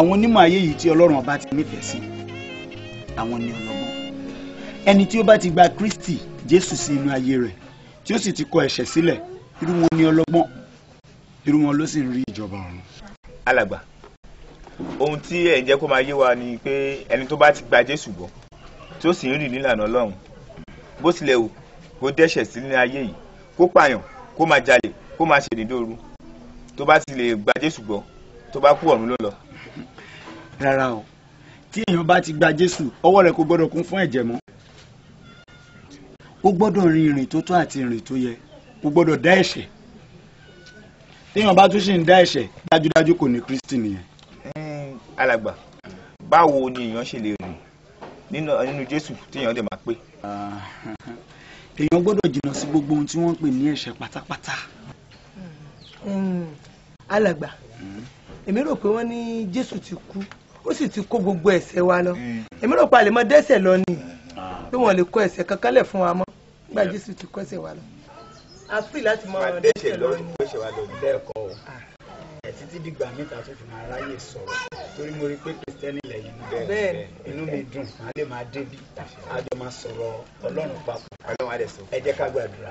àwọn onímọ̀ ayé yìí tí ọlọ́run ọba ti nífẹ̀ẹ́ sí àwọn ni ọlọ́gbọ́n ẹni tí ó bá ti gba Kristi Jésù sí inú ayé rẹ̀ tí ó sì ti kọ ẹ̀ṣẹ̀ sílẹ̀ irú wọn ni ọlọ́gbọ́n irú wọn ló sì ń rí ìjọba ọ̀run. alàgbà ohun tí ẹ̀ ń jẹ́ kó máa yé wa ni pé ẹni tó bá ti gba Jésù gbọ́ tí ó sì ń rìn nílànà ọlọ́run bó tilẹ̀ wù kó dẹ́ṣẹ̀ sí ní ayé yìí kó pààyàn kó máa jalè kó máa ṣèdíndóoru tó bá ti lè gba Jésù gbọ́ tó bá kú ọ̀run ló lọ rárá o tí èèyàn bá ti gba jésù ọwọ́ rẹ̀ kò gbọ́dọ̀ kún fún ẹ̀jẹ̀ mọ́ ó gbọ́dọ̀ rin ìrìn tó tọ́ àti ìrìn tó yẹ kò gbọ́dọ̀ dá ẹ̀ṣẹ̀ téèyàn bá tún ṣì ń dá ẹ̀ṣẹ̀ dájúdájú kò ní kristi nìyẹn. alàgbà báwo ni èèyàn ṣe lè rìn nínú nínú jésù téèyàn dẹ̀ máa pé. èèyàn gbọ́dọ̀ jìnnà sí gbogbo ohun tí wọ́n ń pè ní ẹ̀ṣẹ̀ pátápátá. alàgbà hmm. èmi rò pé wọ́n ní jésù ti kú ó sì ti kó gbogbo ẹ̀ṣẹ̀ wa lọ mm. èmi rò pa lè mọ dẹ́ṣẹ̀ lọ ni ah. pé wọ́n lè kó ẹ̀ṣẹ̀ kankan lẹ̀ fún wa mọ́ nígbà Jésù ti kó ẹ̀ṣẹ̀ wa lọ. a fi láti mọ ọ̀rọ̀ dẹ́ṣẹ̀ lọ ni. dẹ́ṣẹ̀ wa lọ lẹ́ẹ̀kọ́ o ah. títí dìgbà mẹ́ta tó fi máa ráyè sọ̀rọ̀ torí mo rí pé kìrìsìtẹ́nì lẹ́yìn bẹ́ẹ̀ inú mi dùn má lè máa débi a jọ máa sọ̀rọ̀ Ọlọ́run papọ̀ ẹ jẹ́ ká gbàdúrà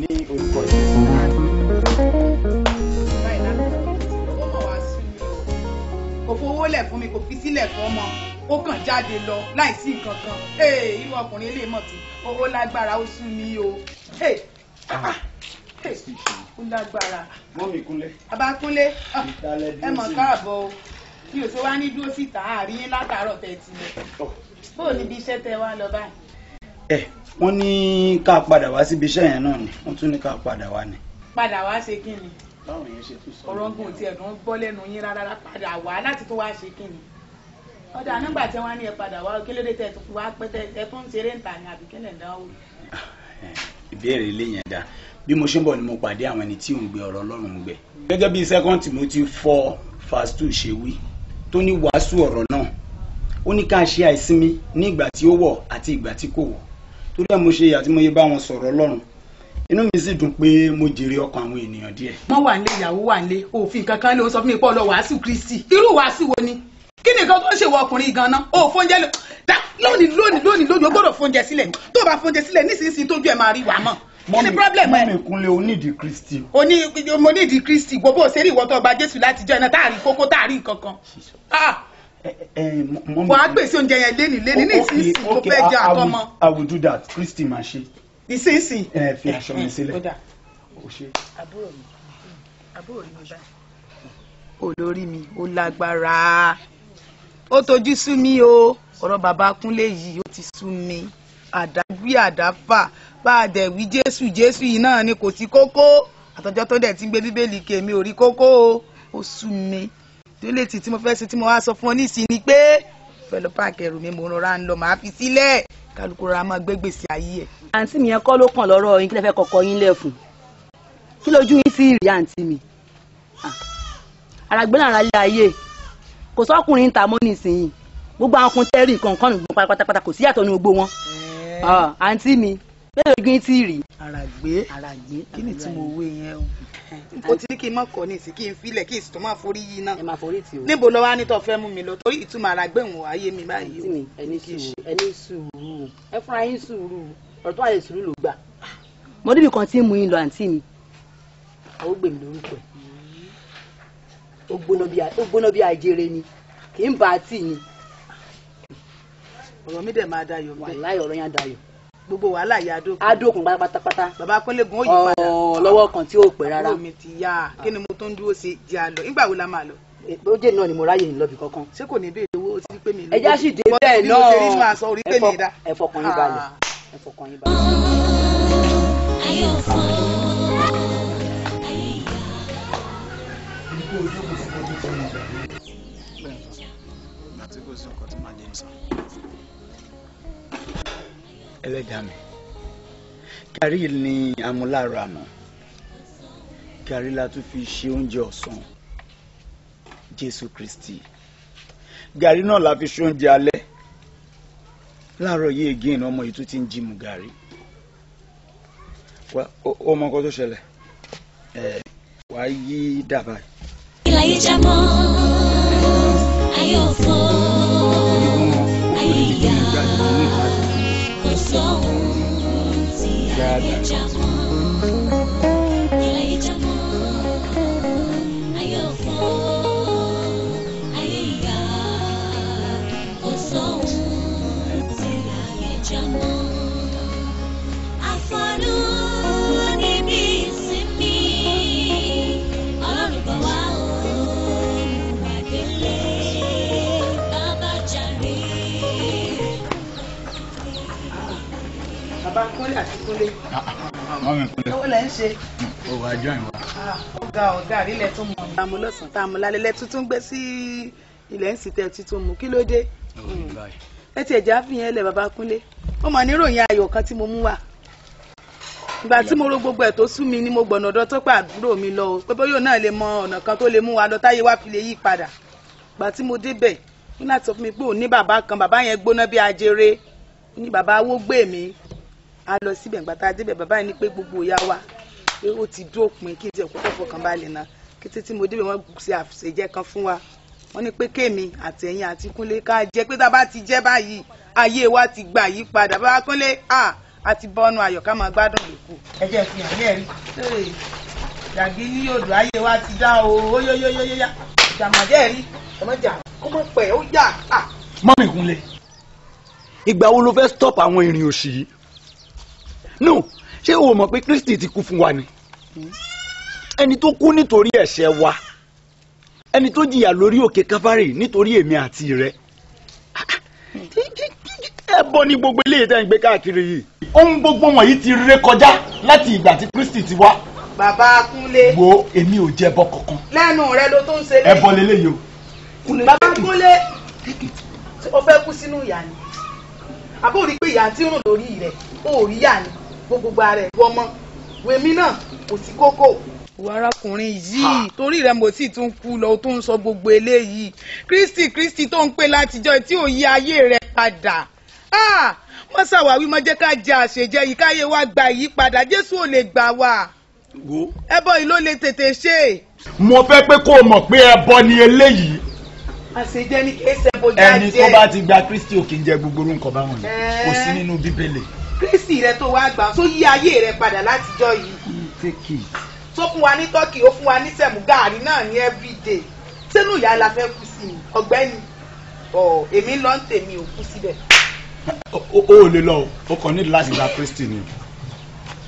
ní orúkọ Jésù. kò fowó lẹ̀ fún mi kò fi sílẹ̀ fún ọmọ ó kàn jáde lọ láìsí nǹkan kan irú ọkùnrin eléyìí mọ̀ tí owó lágbára ó sún mi o ah, ah. ó lágbára. mọ́mì kúnlẹ̀. bàbá kúnlẹ̀ ah, ẹ mọ̀ káàbọ̀ o mi ò ṣe wá ní dúró síta àárín yín látàárọ̀ tẹ̀ ti lẹ̀ oh. bóò níbi iṣẹ́ tẹ wá lọ báyìí. ẹ eh, wọ́n ní ká padà wá síbi iṣẹ́ yẹn náà ni wọ́n tún ní ká padà wá ni. padà wá ṣe kí ni báwo yẹn ṣe tún sọ ọ̀rọ̀ ọgbọ́n tí ẹ̀dùn ń bọ́ lẹ́nu yín rárá padà wá láti tó wáá ṣe kíni ọ̀dà nígbà tí wọ́n ní ẹ padà wá kílódé tẹ̀ tó wá pẹ́ tẹ̀ ẹ tún ṣeré ń tà àbí kílẹ̀ ń ah, ìbéèrè ilé yẹn dá bí mo ṣe ń bọ̀ ni mo pàdé àwọn ẹni tí ò ń gbé ọ̀rọ̀ Ọlọ́run gbẹ. gẹ́gẹ́ bí second Timothy four verse two ṣe wí tó ní wàásù ọ̀rọ̀ náà ó ní ká ṣe àìsinmi ní ìgbà tí ó wọ̀ àti ìgbà tí kò wọ̀ torí ẹ̀ mo ṣe àti bá wọn sọ̀rọ̀ Ọlọ́run inú mi sì dùn pé mo jèrè ọkàn àwọn ènìyàn díẹ̀. wọ́n wà nílé ìyàwó wà nílé òfin kankan ló sọ fún mi pọ̀ lọ wàásù kristi irú wàásù wo ni kí ni nǹkan tó ń ṣe wọ ọkùnrin ganan o fóúnjẹ lò dá lónìí lónìí lónìí lónìí o gbọ́dọ̀ fóúnjẹ sílẹ̀ tó o bá fóúnjẹ sílẹ̀ nísinsìnyí tójú ẹ máa rí wàá mọ kí ni problem ẹ. mọ́mí kúnlẹ̀ onídìí kristi. oní mo kristi wo bó ìwọ tó gba jésù láti jẹ́ iná táàrí kókó táàrí nǹkan ah! eh, eh, eh, wàá gbèsè oúnjẹ yẹn léni léni nísinsìnyí mo fẹ́ jẹ àtọmọ. I will do that kristi máa ṣe nísinsìnyí. ẹ fi aṣọ mi sílẹ̀ olórí mi ó lágbára ó tojú sú mi o ọ̀rọ̀ bàbá Kúnlé yìí ó ti sú mi àdágbé àdáfà bá a dẹ̀ wí Jésù Jésù yìí náà ni kò sí kókó àtọ́jọ́ tó dẹ̀ ti gbé bíbélì kèmí ò kókó o ó sú mi tó lè tì tí mo fẹ́ ṣe tí mo wá sọ fún ọ nísìnyí pé fẹ́ páàkì ẹrù mi mo rọra ń lọ màá fi sílẹ̀ kálukú ra máa gbé gbèsè ayé ẹ̀. àǹtí mi yẹn kọ́ ló kàn lọ́rọ̀ yín kí lè fẹ́ kọ́kọ́ yín lẹ̀ kí lójú yín sí ìrì àǹtí mi. àràgbé ah, náà rálé ayé kò sọ́kùnrin ń ta mọ́ nísìnyìí gbogbo àwọn ọkùnrin tẹ́rì kọ̀ọ̀kan nìgbọ́n pátápátá kò sí yàtọ̀ ní gbogbo wọn. Ah, àǹtí mi bẹ́ẹ̀ lójú yín sí ìrì. àràgbé kí ni tí mo wé yẹn o o ti ní kí n mọ̀ kọ́ ní ìsìn kí n filẹ̀ kí n sì tún máa forí yí náà. ẹ máa forí tì o. níbo lọ wá ní tó fẹ́ mú mi lọ torí ìtumọ̀ ara gbẹ̀hùn ayé mi báyìí ẹni sùúrù ẹni yín sùúrù ọ̀rọ̀ tó wà lè sùúrù ló gbà. mo débi kan tí mú yín lọ àǹtí mi. àwọn gbè mí lórúkọ ẹ ó gbóná bí ajere ni kì í bá a ni. ọ̀rọ̀ mi dẹ̀ máa dayọ̀ gbogbo wàhálà yà á dókun. á dókun pátápátá. bàbá akọ́lẹ́gun ó yí padà. ọ̀ọ́ oh, lọ́wọ́ kan tí ó pẹ́ rárá. ọ̀rọ̀ mi ti yá kí ni mo tó ń dúró sí jẹ́ àlọ́ nígbà wo la máa lọ lójè eh, náà ni mo ráyè lọ́bì kankan. ṣé kò ní béèrè owó tí pé mi. ẹja sì dé bẹ́ẹ̀ náà ẹ fọkàn yín balẹ̀ ah. ẹ fọkàn yín balẹ̀. ayọ̀ fún ọ. ẹlẹ́dàá mi ni amúlára àná gàrí la tún fi ṣe oúnjẹ ọ̀sán jésù kristi gàrí náà la fi ṣe oúnjẹ alẹ́ láàárọ̀ yìí again ọmọ yìí tún ti ń jí mu gàrí ó mọ nǹkan tó ṣẹlẹ̀ ẹ wàá yí dàbà. ìlàyé jámọ́ ayé òfò ayé ìyá. God. mọ́ mi kúnlẹ̀. owó lẹ ń ṣe. o wà jọ ìwà. ọ̀gá ọ̀gá àrílẹ̀ tó mọ̀ ní. tá a mú lọ́sàn-án tá a mú lálẹ́ lẹ́ tuntun gbé sí ilẹ̀ ń sì tẹ̀ tuntun mú kí ló dé. ẹ tiẹ̀ já fi yẹn lẹ̀ bàbá kúnlé ó mọ̀ níròyìn ayọ̀ kan tí mo mú wá. ìgbà tí mo ro gbogbo ẹ̀ tó sú mi ni mo gbọ̀nà ọ̀dọ́ tó pé àbúrò mi lọ pé bóyá náà lè mọ ọ̀nà kan tó lè mú wa lọ táyé wá fi lè yí padà. ìgbà tí mo débẹ̀ ó láti sọ fún mi pé òun bàbá kan bàbá yẹn gbóná bí ajere ní bàbá awó gbé mi a lọ síbẹ̀ nígbà tá a débẹ̀ bàbá yìí ní pé gbogbo ìyá wa pé ó ti dópin kí n ti ẹ̀kọ́ kọ́kọ́ kan balẹ̀ náà kété tí mo débẹ̀ wọ́n ṣe àṣejẹ́ kan fún wa wọ́n ní pé kémi àtẹ̀yìn àti kúnlé ká jẹ́ pé tá a bá ti jẹ́ báyìí ayé wa ti gbà yí padà bá kúnlé à á ti bọ́nu ayọ̀ ká máa gbádùn lóko. ẹ jẹ́ fi hàn ní ẹ̀rí. jàgé ní odò ayé wa ti dá o óyóyóyóyá jàmàjẹ́ ẹ̀rí ọmọjà kó mọ̀ pẹ̀ ó yà. mọ́mì kúnlé ìgbà wo ló fẹ́ stop àwọn ìrìn òṣì yìí no ṣé o mọ̀ pé kristi ti kú fún wa ni ẹni tó kú nítorí ẹ̀ṣẹ̀ wa ẹni tó jìyà lórí òkè káfárì nítorí èmi àti rẹ ẹbọ ni gbogbo eléyìí tẹ́ ń gbé káàkiri yìí. ohun gbogbo wọ̀nyí ti ré kọjá láti ìgbà tí kristi ti wá. bàbá kúnlé. wo èmi ò jẹ ẹbọ kankan. lẹ́nu rẹ ló tó ń ṣe lé. ẹbọ lélẹ́yìí o. bàbá kúnlé o fẹ́ kú sínú ìyà ni àbó rí pé ìyà tí ń rùn lórí rẹ̀ o ò rí yà ni gbogbo ara ẹ̀ wọ́n mọ́ wèmí náà kò sí kókó wo arákùnrin yìí torí rẹ mo sì tún kú lọ tó ń sọ gbogbo eléyìí kristi kristi tó ń pè látijọ́ tí ò yí ayé rẹ padà má ṣàwáwí má jẹ́ ká jẹ àṣejẹ yìí káyé wa gba ìyípadà jésù ò lè gbà wá ẹbọ yìí ló lè tètè ṣe. mo fẹ́ pé kó o mọ̀ pé ẹbọ ni eléyìí. àṣejẹ ni kí ẹsẹ̀ bójú á ẹni tó bá ti gba kristi ò jẹ gbogbo orúkọ báwọn ni kò sí nínú bíbélì kristi rẹ tó wá gbà tó yí ayé rẹ padà látijọ́ yìí tó fún wa ní tọ́kì ó fún wa ní sẹ̀mú gààrí náà ní everyday sínú ìyá la fẹ́ kú sí i ọ̀gbẹ́ni ọ̀ èmi lọ ń tèmi ò kú síbẹ̀. o ò lè lọ o kàn ní láti gba kristi ni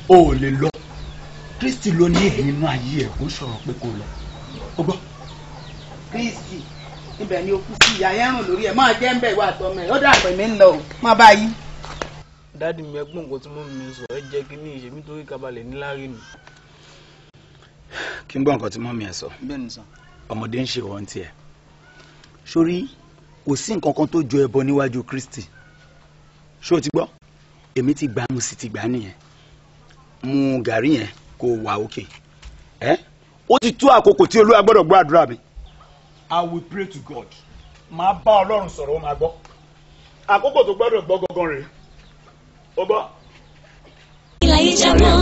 o ò lè lọ kristi ló ní èyí inú ayé ẹ kó sọ̀rọ̀ pé kó lọ o gbọ́. kristi ibẹ̀ ni o kú sí ìyá yẹn lórí ẹ̀ máa jẹ́ ń bẹ̀ wá àtọ́mọ ẹ̀ ó dà pẹ̀mí ń o má báyìí dáàdì mi ẹgbọ́n nǹkan tí mo mi sọ ẹ jẹ́ kí ní ìṣèmí torí kábalẹ̀ níláre nù. kí n gbọ́ nǹkan tí mo mi ẹ sọ ọmọdé ń ṣe wọ́n tiẹ̀ sórí kò sí nǹkan kan tó jọ ẹbọ níwájú Kristi ṣó o ti gbọ́ èmi ti gbà mo sì ti gbà nìyẹn mu gàrí yẹn kó wà òkè ẹ ó ti tó àkókò tí olúwa gbọ́dọ̀ gbọ́ àdúrà mi. I will pray to God. máa bá ọlọ́run sọ̀rọ̀ ó máa gbọ́ àkókò tó gbọ́dọ̀ gbọ́ gangan rèé ó gbọ́. ìlà yìí jábọ́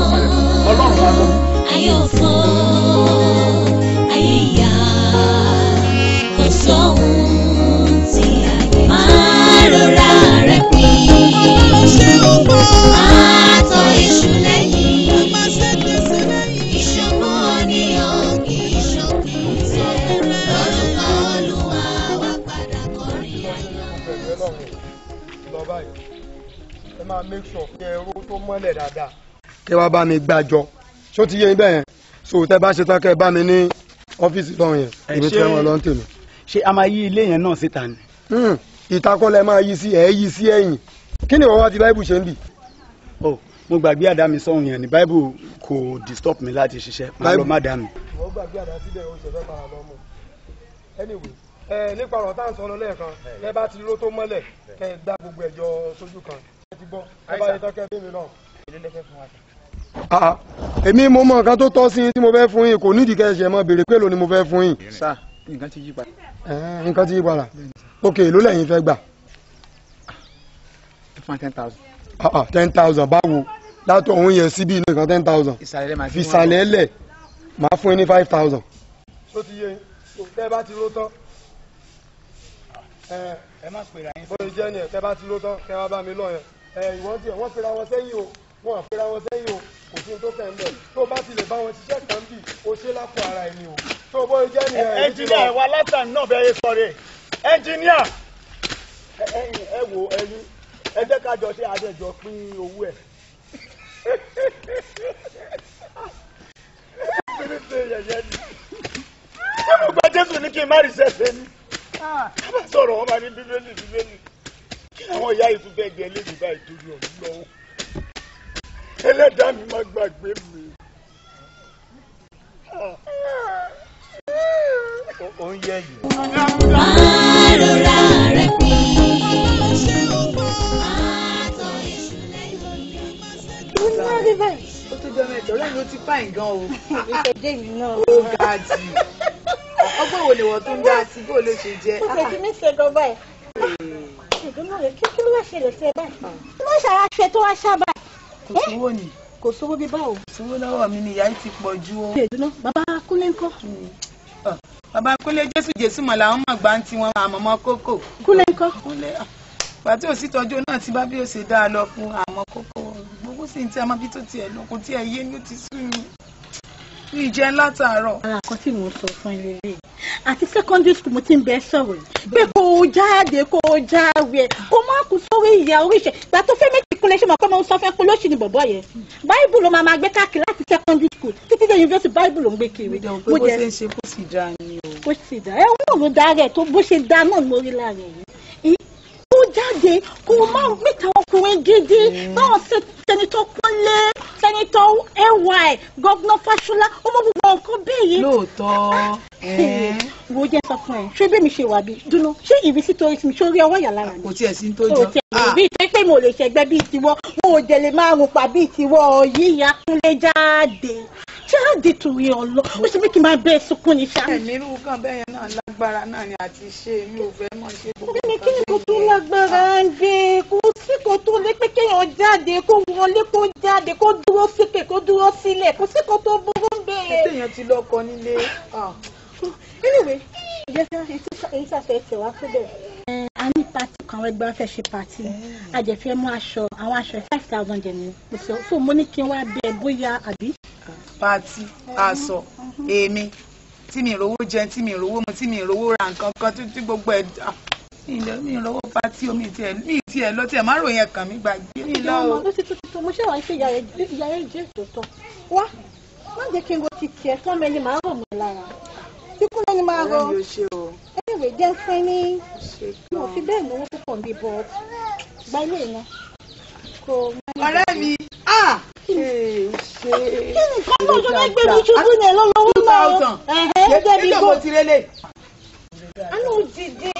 ayé òfò ayé ìyá kò sóhun tí a lè máa rọra rẹ pín. wá make sure kí ẹrú tó mọ́lẹ̀ dáadáa kí wá bá mi gbàjọ ṣó ti yé yín yẹn so tẹ́ bá ṣe tán kẹ́ bá mi ní ọ́fíìsì lọ́hùn yẹn èmi fẹ́ wọn lọ́n tèmi. ṣé a máa yí ilé yẹn náà síta ni. Hmm, ìtakọ́lẹ̀ máa yí sí ẹ̀ yí sí ẹ̀yìn kí ni wọ́n wá ti báìbù ṣe ń bì. o oh, mo gbàgbé àdá mi sọ̀hún yẹn ni báìbù kò disturb mi láti ṣiṣẹ́ máa lọ má dá mi. mo gbàgbé àdá síbẹ̀ o ṣẹ̀fẹ̀ máa lọ mọ̀ anyway ẹ nípa ọ̀rọ̀ tá à ń sọ lọ lẹ́ẹ̀kan lẹ́ bá ti ró tó mọ́lẹ̀ kẹ́ ẹ gbá gbogbo ẹ̀jọ́ sójú kan èmi mo mọ nǹkan tó tọ́ sí tí mo fẹ́ fún yín kò nídìí kẹsẹ̀ mọ́ béèrè pé lónìí mo fẹ́ fún yín. sá nǹkan ti yí padà. ok ló lẹ́yìn fẹ́ gbà. ten thousand. Ah, ah, ten thousand báwo látọ̀ òun yẹn síbí nǹkan ten thousand fìsàlẹ̀ lẹ̀ máa fún yín ní five thousand. ó ti yé tẹ́ bá ti ró tán ẹ má pèrè àyín. bó jẹ́ ni ẹ̀ tẹ́ bá ti ró tán kẹ́ wá bá mi lọ yẹn ìwọ́n tiẹ̀ wọ́n fira wọn sẹ́yìn o wọn fira wọn sẹ́yìn o kò sí tó kàn mẹ́ tó bá ti bá wọn ṣiṣẹ́ kan bì ó ṣe lápò ara ẹni o tó bó jẹ́ ní ẹ̀rọ ẹnjìníà ẹ̀wà látàn náà bẹ́ẹ̀ sọ̀rọ̀ ẹnjìníà. ẹ̀yin ẹ wo ẹ̀yin ẹ jẹ́ ká jọ ṣe àjẹjọ pín owó ẹ̀. ṣé mo gba jésù ní kí n má rí sẹ́sẹ́ ni. Ah. sọ̀rọ̀ wọn bá ní bíbélì bíbélì àwọn ìyá yìí tún fẹ́ gbẹ eléyìí báyìí torí ọ̀hún lọ́wọ́ ẹlẹ́dàá mi má gbàgbé mi. ó ń yẹ yìí. wà rẹ pín àtọ̀ èṣù lẹ́yìn. ó ní wọ́n dé ó tó jọ mẹ́tọ̀ ọ̀rẹ́ mi ti fáìn gan o. ìṣèjẹ́ mi náà. ó ga jù ọgbọ́n wo lè wọ́n tó dá sí bó ló ṣe jẹ́. kò tẹ̀sí mi ṣe gan báyìí ìdùnnú rẹ kí kí ló wá ṣẹlẹ̀ sí ẹ báyìí kí ló ṣàrà aṣọ ẹ tó wá ṣá báyìí. kò sówó ni kò sówó bí báwo. sówó lọ́wọ́ mi ni ìyá yìí ti pọ̀ ju o. ìdùnnú bàbá kúnlé ńkọ́. Hmm. Ah, bàbá kúnlé jésù jésù mọ̀ làwọn mọ̀ gbá ń ti wọn àmọ́mọ́ kókò. kúnlé ńkọ́. kúnlé pàtó ah, òsítọ́jú náà ti bá bí ó ṣe dáa lọ fún àmọ́ kókò gbogbo sì ń tẹ́ ọmọ bí tó tiẹ̀ lókun tí ẹ yé ní ó ti sú mi ìjẹun látàárọ̀. ara kan tí mo sọ fún ilé rẹ̀ àti secondary school mo ti ń bẹ sọ̀rọ̀ pé kò jáde kò jáwé kò má kú sórí ìyá oríṣẹ́ ìgbà tó fẹ́ méjì kúnlẹ̀ ṣe mọ̀ pé mo ń sọ fẹ́ kú lóṣù ni bọ̀bọ̀ yẹn báìbù ló máa máa gbé káàkiri láti secondary school títí dé yunifásitì báìbù ló ń gbé kiri. mo jẹ́ bó ṣe ń ṣe kó sì dáa ni o. kó sì dáa ẹ̀ wọ́n ló dáa rẹ̀ tó bó ṣe dáa náà lórí láàrẹ̀ yìí kó jáde kó má gbẹ̀tà ọkùnrin gidi náà ṣe sẹ́nitọ́ Kúnlé sẹ́nitọ́ ay gọ́gùnà Fáṣọlá ó mọ gbogbo nǹkan bẹ́ẹ̀ yẹn. lóòótọ́ ah, eh, wo jẹ́ sọ fún ẹ ṣé bí mi ṣe wà bí dunu ṣé ìrísí torí mi ṣó rí ọwọ́ yàrá mi. kò tiẹ̀ sí tó jọ ah. bí ìfẹ́ pé mo lè ṣẹgbẹ́ bíi tiwọ́ mo ò dẹ̀ lè máa rùpa bíi tiwọ́ yíya Kúnlé jáde jáde torí ọlọ ó ṣe mí kí n máa bẹ sunkún ní ṣáà. ẹ̀mí irú kan bẹ́ẹ̀ náà lágbára náà ni àti ṣe mi ò fẹ́ mọ̀ ṣe gbogbo nǹkan. kí ni ah. kò tó lágbára ń gbé kó sí kò tó lé pé kéèyàn jáde kó wọlé kó jáde kó dúró síkè kó dúró sílẹ̀ kó sí kò tó burú ń bẹ̀rẹ̀. ẹ anyway ìjẹ́ èyí tí a fẹ́ tẹ̀ wá fún bẹ́ẹ̀. a ní pati kan àwọn ẹgbẹ́ wọn fẹ́ ṣe pati a jẹ́ fẹ́ mú aṣọ àwọn aṣọ five thousand jẹ̀ ní pèsè so mo ní kí n wá bẹ bóyá àbí. pati aṣọ èmi tí mi rówó jẹ tí mi rówó mu tí mi rówó ra nǹkan kan títí gbogbo ẹ ilẹ̀ mi lọ́wọ́ bá tí omi tiẹ̀ mi tiẹ̀ lọ tiẹ̀ má ròyìn ẹ̀kàn mi gbàgbé mi lọ o. ló ti tuntun tó mo ṣe wàá ṣe ìyàrá ìjẹ́ ìtòtọ́ wá má jẹ́ kí n wo ti tiẹ̀ tán mẹ́lì máa rò mí lára kíkún ló ní máa rọ ẹ̀wẹ̀ jẹ́ fún ní mo fi bẹ́ẹ̀ lówó púpọ̀ ń bí bọ́ gba ilé iná kò mọ́ ọ̀rẹ́ mi kí ni kọ́ńtò tó ní gbé mi ṣubú ní ẹ̀ lọ́wọ́ náà ẹ̀hẹ́ débi gold àánú dídí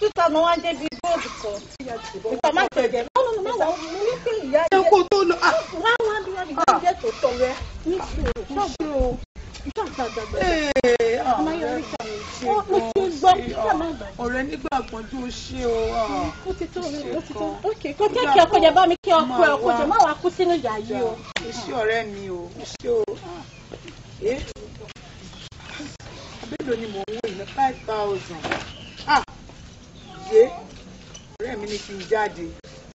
two thousand one débi gold kan ìtọ́ má tẹ̀jẹ̀ lọ́wọ́ náà má wọ́n mú kí ìyá yẹ wọ́n wá bí wọ́n bí wọ́n jẹ́ tó tọ̀ rẹ ní sùúrù ọ̀rẹ́ nígbà àpọ̀jù ó ṣe o. ó ti tó ó ti tó ok kó kẹ́kẹ́ ọkọ jẹ bá mi kí ọkọ ẹ ọkọ jẹ má wàá kú sínú ìyá yìí o. iṣẹ́ ọ̀rẹ́ mi o iṣẹ́ o. Eh? abẹ́lò ni mò ń wò ní five thousand. yé ah! eh? ọ̀rẹ́ mi ni kí n jáde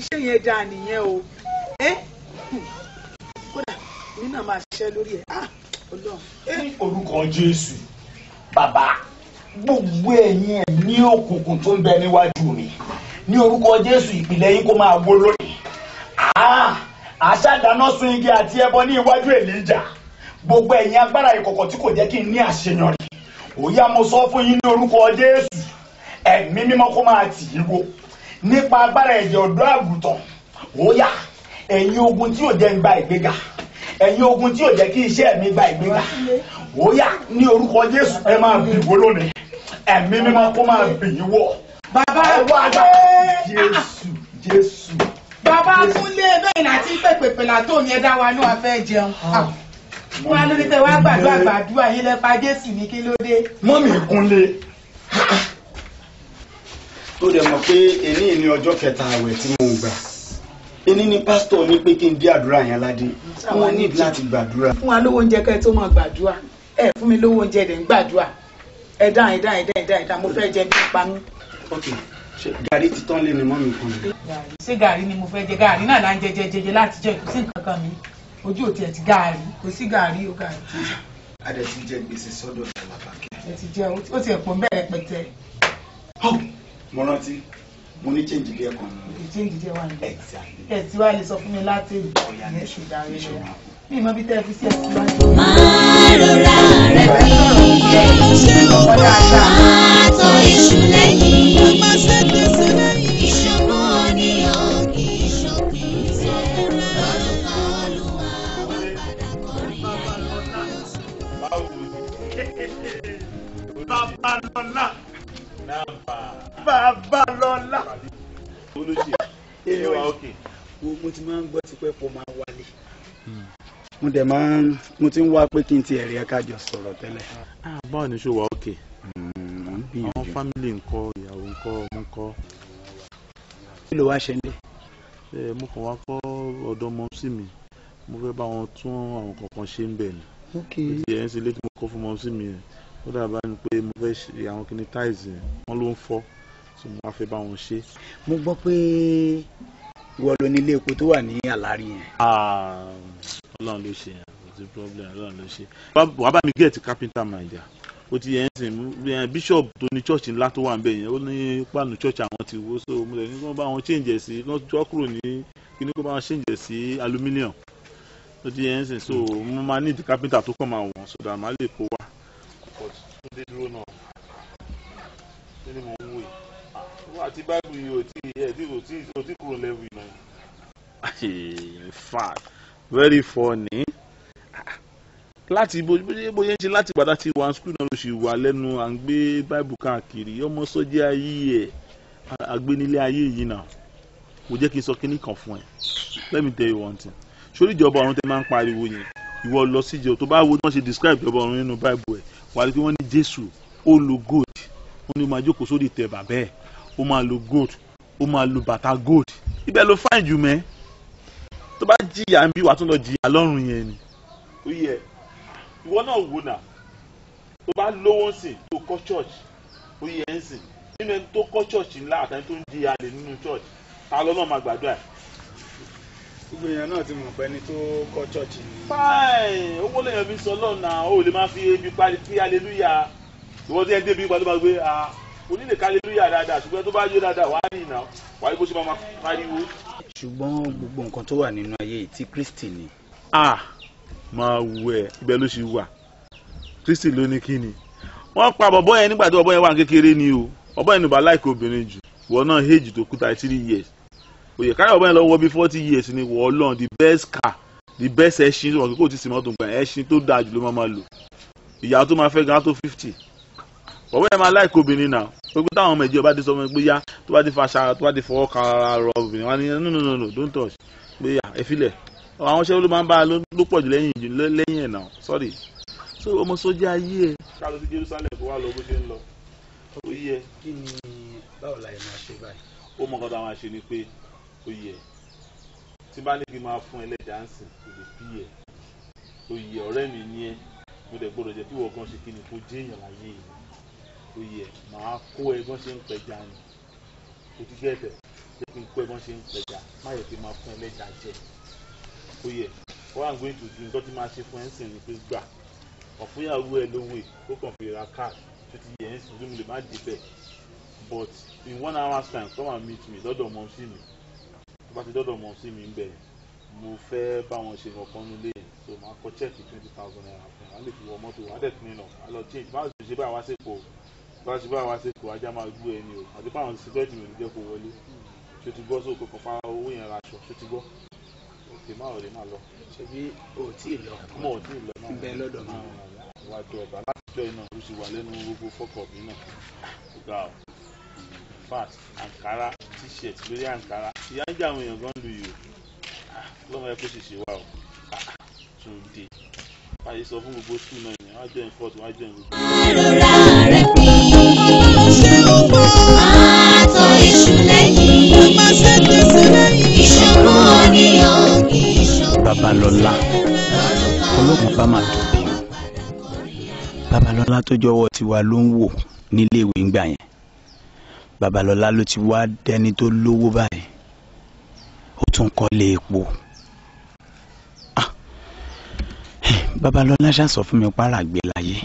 iṣẹ́ yẹn dáa nìyẹn o. Eh? kódà mi náà máa ṣiṣẹ́ lórí ẹ̀. Ah! ní orúkọ Jésù bàbá gbogbo ẹ̀yin ẹ̀mí òkùnkùn tó ń bẹ níwájú mi ní orúkọ Jésù ìpìlẹ̀ yín kó máa wó lónìí àṣàdáná sun igi àti ẹbọ ní iwájú Èlíjà gbogbo ẹ̀yin agbára ìkọ̀kọ̀ tí kò jẹ́ kí n ní àṣeyọrí òyà mo sọ fún yín ní orúkọ Jésù ẹ̀mí mímọ́ kó máa tì í wo nípa agbára ẹ̀jẹ̀ ọ̀dọ́ àgùntàn òyà ẹ̀yin ogun tí ò jẹ́ ń gba ìgbéga ẹ̀yin ogun tí yóò jẹ́ kí iṣẹ́ mi gba ìgbéga ó yá ní orúkọ Jésù ẹ máa bì wó lónìí ẹ̀mí mímọ́ kó máa bì yín wọ̀ bàbá ẹ̀wọ́ àgbà Jésù Jésù. bàbá Kúnlé bẹ́ẹ̀ náà ti ń ní ẹ̀dá wa ní wàá fẹ́ jẹun ah. Ah. fún wa lórí tẹ wá gbàdúrà gbàdúrà yín lẹ jésù ní kí ló dé. mọ́mì Kúnlé tó dẹ̀ mọ̀ pé èyí ni ọjọ́ kẹta àwẹ̀ tí mo gbà èní ni pásítọ̀ ní pé kí n dé àdúrà yẹn ládé wọn ní láti gbàdúrà. fún wa lówó oúnjẹ kẹ́ ẹ tó máa gbàdúrà ẹ fún mi lówó oúnjẹ dẹ̀ ń gbàdúrà ẹ dá ẹ dá ẹ dá ẹ dá ẹ dá mo fẹ́ jẹ bí pa ok ṣe gàrí ti tán lé ni mọ́ mi kan. ṣé gàrí ni mo fẹ́ jẹ gàrí náà là ń jẹ jẹjẹjẹ láti jẹ kò sí nǹkan kan mi ojú ò tiẹ̀ ti gàrí kò sí gàrí o gàrí. a dẹ̀ ti jẹ gbèsè sọ́dọ̀ ẹ̀ làbàkẹ́. ẹ ti jẹ ó ti ẹ̀ pọ̀ mo ní change díẹ̀ kan. change díẹ̀ wà níbẹ̀ ẹ ti lè sọ fún mi láti ìyẹn ṣe dáre rẹ mi ìmọ̀ bí tẹ́ ẹ fi sí ẹ ti wá. máa rọra rẹ pé iye ìlú máa iṣu lẹ́yìn ìṣọ̀kan Babalọ́lá. èyí mo ti máa ń gbọ́ tipẹ́ kó máa wálé mo dẹ̀ máa ń mo ti ń wá pé kí n ti ẹ̀rí ẹ̀ka jọ sọ̀rọ̀ tẹ́lẹ̀. báwo ni ṣó wà òkè mm, àwọn fámìlì ńkọ́ ìyàwó ńkọ́ ọmọ ńkọ́. kí ló wá ṣe nílé. ṣe mo kàn wá kọ́ ọ̀dọ́ ọmọ sí mi mo fẹ́ bá wọn tún àwọn kankan ṣe ń bẹ̀ ni. ó ti ẹ̀ ń ṣe ilé tí mo kọ́ fún ọmọ sí mi yẹn ó dàbá ni pé mo fẹ́ ṣe àwọn kìíní táìsì wọn ló ń fọ́ tí mo wá fẹ́ bá wọn ṣe. mo gbọ́ pé ìwọ ló ní ilé epo tó wà ní àlárí yẹn. Ah, ọlọ́run ló ṣe yẹn kò sí problem ọlọ́run ló ṣe. wàá bá mi gẹ̀ẹ́tì kápẹ́ńtà màjà ó ti yẹn sìn bíṣọ̀bù tó ní chọ́ọ̀chì ńlá tó wà ń bẹ̀ yẹn ó ní páànù chọ́ọ̀chì àwọn ti wó so mo lè ní kí wọ́n bá wọn change sí wọ́n tọ́ kúrò ní kí ní kí wọ́n bá wọn change sí aluminium ó ti yẹn sìn so mo máa ní ìdí kápẹ́ńtà tó kàn máa wọ̀n so that màá lè kó wá. very funny láti bóyá ń ṣe láti padà ti wà skul náà ló ṣì wà lẹ́nu à ń gbé báìbù káàkiri ọmọ sọ́jà ayé ẹ̀ àgbénilé ayé yìí náà kò jẹ́ kí n sọ kíní kan fún ẹ let me tell you one thing sórí ìjọba ọ̀run tẹ máa ń pariwo yẹn ìwọ lọ síjọ tó bá wo tí wọ́n ṣe describe ìjọba ọ̀run nínú báìbù ẹ̀ wàá rí i pé wọ́n ní jésù ó lo gold wọ́n ní ó máa jókòó sórí ìtẹ̀ bàbá ẹ̀ ó máa lo gold ó máa lo bàtà gold ibẹ̀ ló fáìn jù mẹ́ tó bá jìyà ń bí wàá tún lọ jìyà lọ́rùn yẹn ni ó yẹ ìwọ náà wò nà tó bá lówó sìn tó kọ́ church ó yẹ ń sìn nínú ẹni tó kọ́ church ńlá àtàwọn tó ń jìyà lè nínú church ta lọ́nà máa gbàdúrà ẹ̀ gbogbo èèyàn náà ti mọ̀ pé ẹni tó kọ́ chọ́ọ̀chì ni. Fáìn! owó lèèyàn bí sọ lọ́nà o lè máa fi ebi parí aleluya ìwọ tí ẹ dé bí pàtó bá gbé a onílè ká aleluya dáadáa ṣùgbọ́n tó bá yé dáadáa wàá rìn náà wàá rí bó ṣe máa pariwo. ṣùgbọ́n gbogbo nǹkan tó wà nínú ayé yìí tí Kristi ni. a máa wù ẹ ló ṣe wà Kristi ló ní kí wà kékeré òye káyọ̀ báyìí lọ́wọ́ bíi forty years ni wọ́ ọlọ́run the best car the best ẹṣin tó wọn kò tí ì sì mọ́tò gbà ẹṣin tó dáa jù ló máa lò ìyá tó máa fẹ́ gan tó fifty bọ̀wọ́ ẹ̀ máa láìkó obìnrin náà gbogbo táwọn ọmọ ẹ̀jẹ̀ bá dé sọ fún mi pé yá tó bá dé fa aṣara tó bá dé fọwọ́ kan ara rọ obìnrin wa ni no no no no don't touch pé yá ẹ filẹ̀ àwọn ṣẹ́ ló máa ń bá a ló pọ̀ jù lẹ́yìn lẹ́yìn ẹ̀ náà sorry so ọmọ sójà ayé ẹ. ká sí Jerusalem kó wá lọ bó ṣe ń lọ. ó kí ni báwo la ẹ máa ṣe báyìí. ó mọ nǹkan máa ṣe ni pé ó yẹ tí bá ní kí n máa fún ẹlẹ́dàá ń sìn kò lè fi yẹ ó yẹ ọ̀rẹ́ mi ní ẹ mo dẹ̀ gbọ́dọ̀ jẹ́ kí wọ́n gan ṣe kí ni kó jẹ́ èèyàn láyé yìí ó yẹ màá kó ẹ gan ṣe ń pẹja ni kò ti gẹ́tẹ̀ jẹ́ kí n kó ẹ gan ṣe ń pẹja má yẹ kí n máa fún ẹlẹ́dàá jẹ ó yẹ what i'm going to do nǹkan tí máa ṣe fún ẹ ń sìn ni pé gbà ọ̀fúnyàwó ẹ lówó ó kàn fi ra card tó ti yẹ ẹ ń sìn lómi lè má dé bẹ́ẹ̀ but in one hour's time come and meet me lọ́dọ̀ mọ̀ sí mi bá ti dọ́dọ̀ mọ̀ sí mi ń bẹ̀ mo fẹ́ bá wọn ṣe nǹkan kan nílé so máa kọ check twenty thousand naira fún wa lè fi wọ mọ́tò wa dẹ̀ clean up a lọ change báwo ṣe ṣe bá wa ṣe kó bá ṣe bá wa ṣe kó ajá máa gbú ẹni o àti báwọn ṣe fẹ́ẹ́ tìmọ̀ níjẹ́ kó wọlé ṣe ti gbọ́ sóò kọ̀ọ̀kan fa owó yẹn ra aṣọ ṣe ti gbọ́ òkè má ọ̀rẹ́ má lọ. ṣebí o tí ì lọ mọ o tí ì lọ náà bẹ lọ́dọ̀ mi. wà á tó ọba láti jọ iná o sì wà lẹ́nu gbogbo fọ́kọ̀ mi náà. ìgbà in ankara t-shirt lórí ankara ìyá ń jà àwọn èèyàn gan lu yìí o ah, lọ́mọ ẹ kó sì ṣe wà o ah, tún dé sọ fún gbogbo sùn náà ni wọ́n á jẹ́ nǹkan tí wọ́n á jẹ́ nǹkan. ìrora rẹ pé ṣùgbọ́n àtọ̀ iṣu lẹ́yìn ìṣòro ọ̀nìyàn kì í ṣòro. Babalọlá ọlọ́run bá máa tóbi o Babalọlá tó jọ̀wọ́ tiwa ló ń wò níléèwé ńgbà yẹn Babalọlá ló ti wá dẹni tó lówó báyìí ó tún kọ́lé epo ah. babalọ́lá ṣàṣọ fún mi pàrà gbé láyé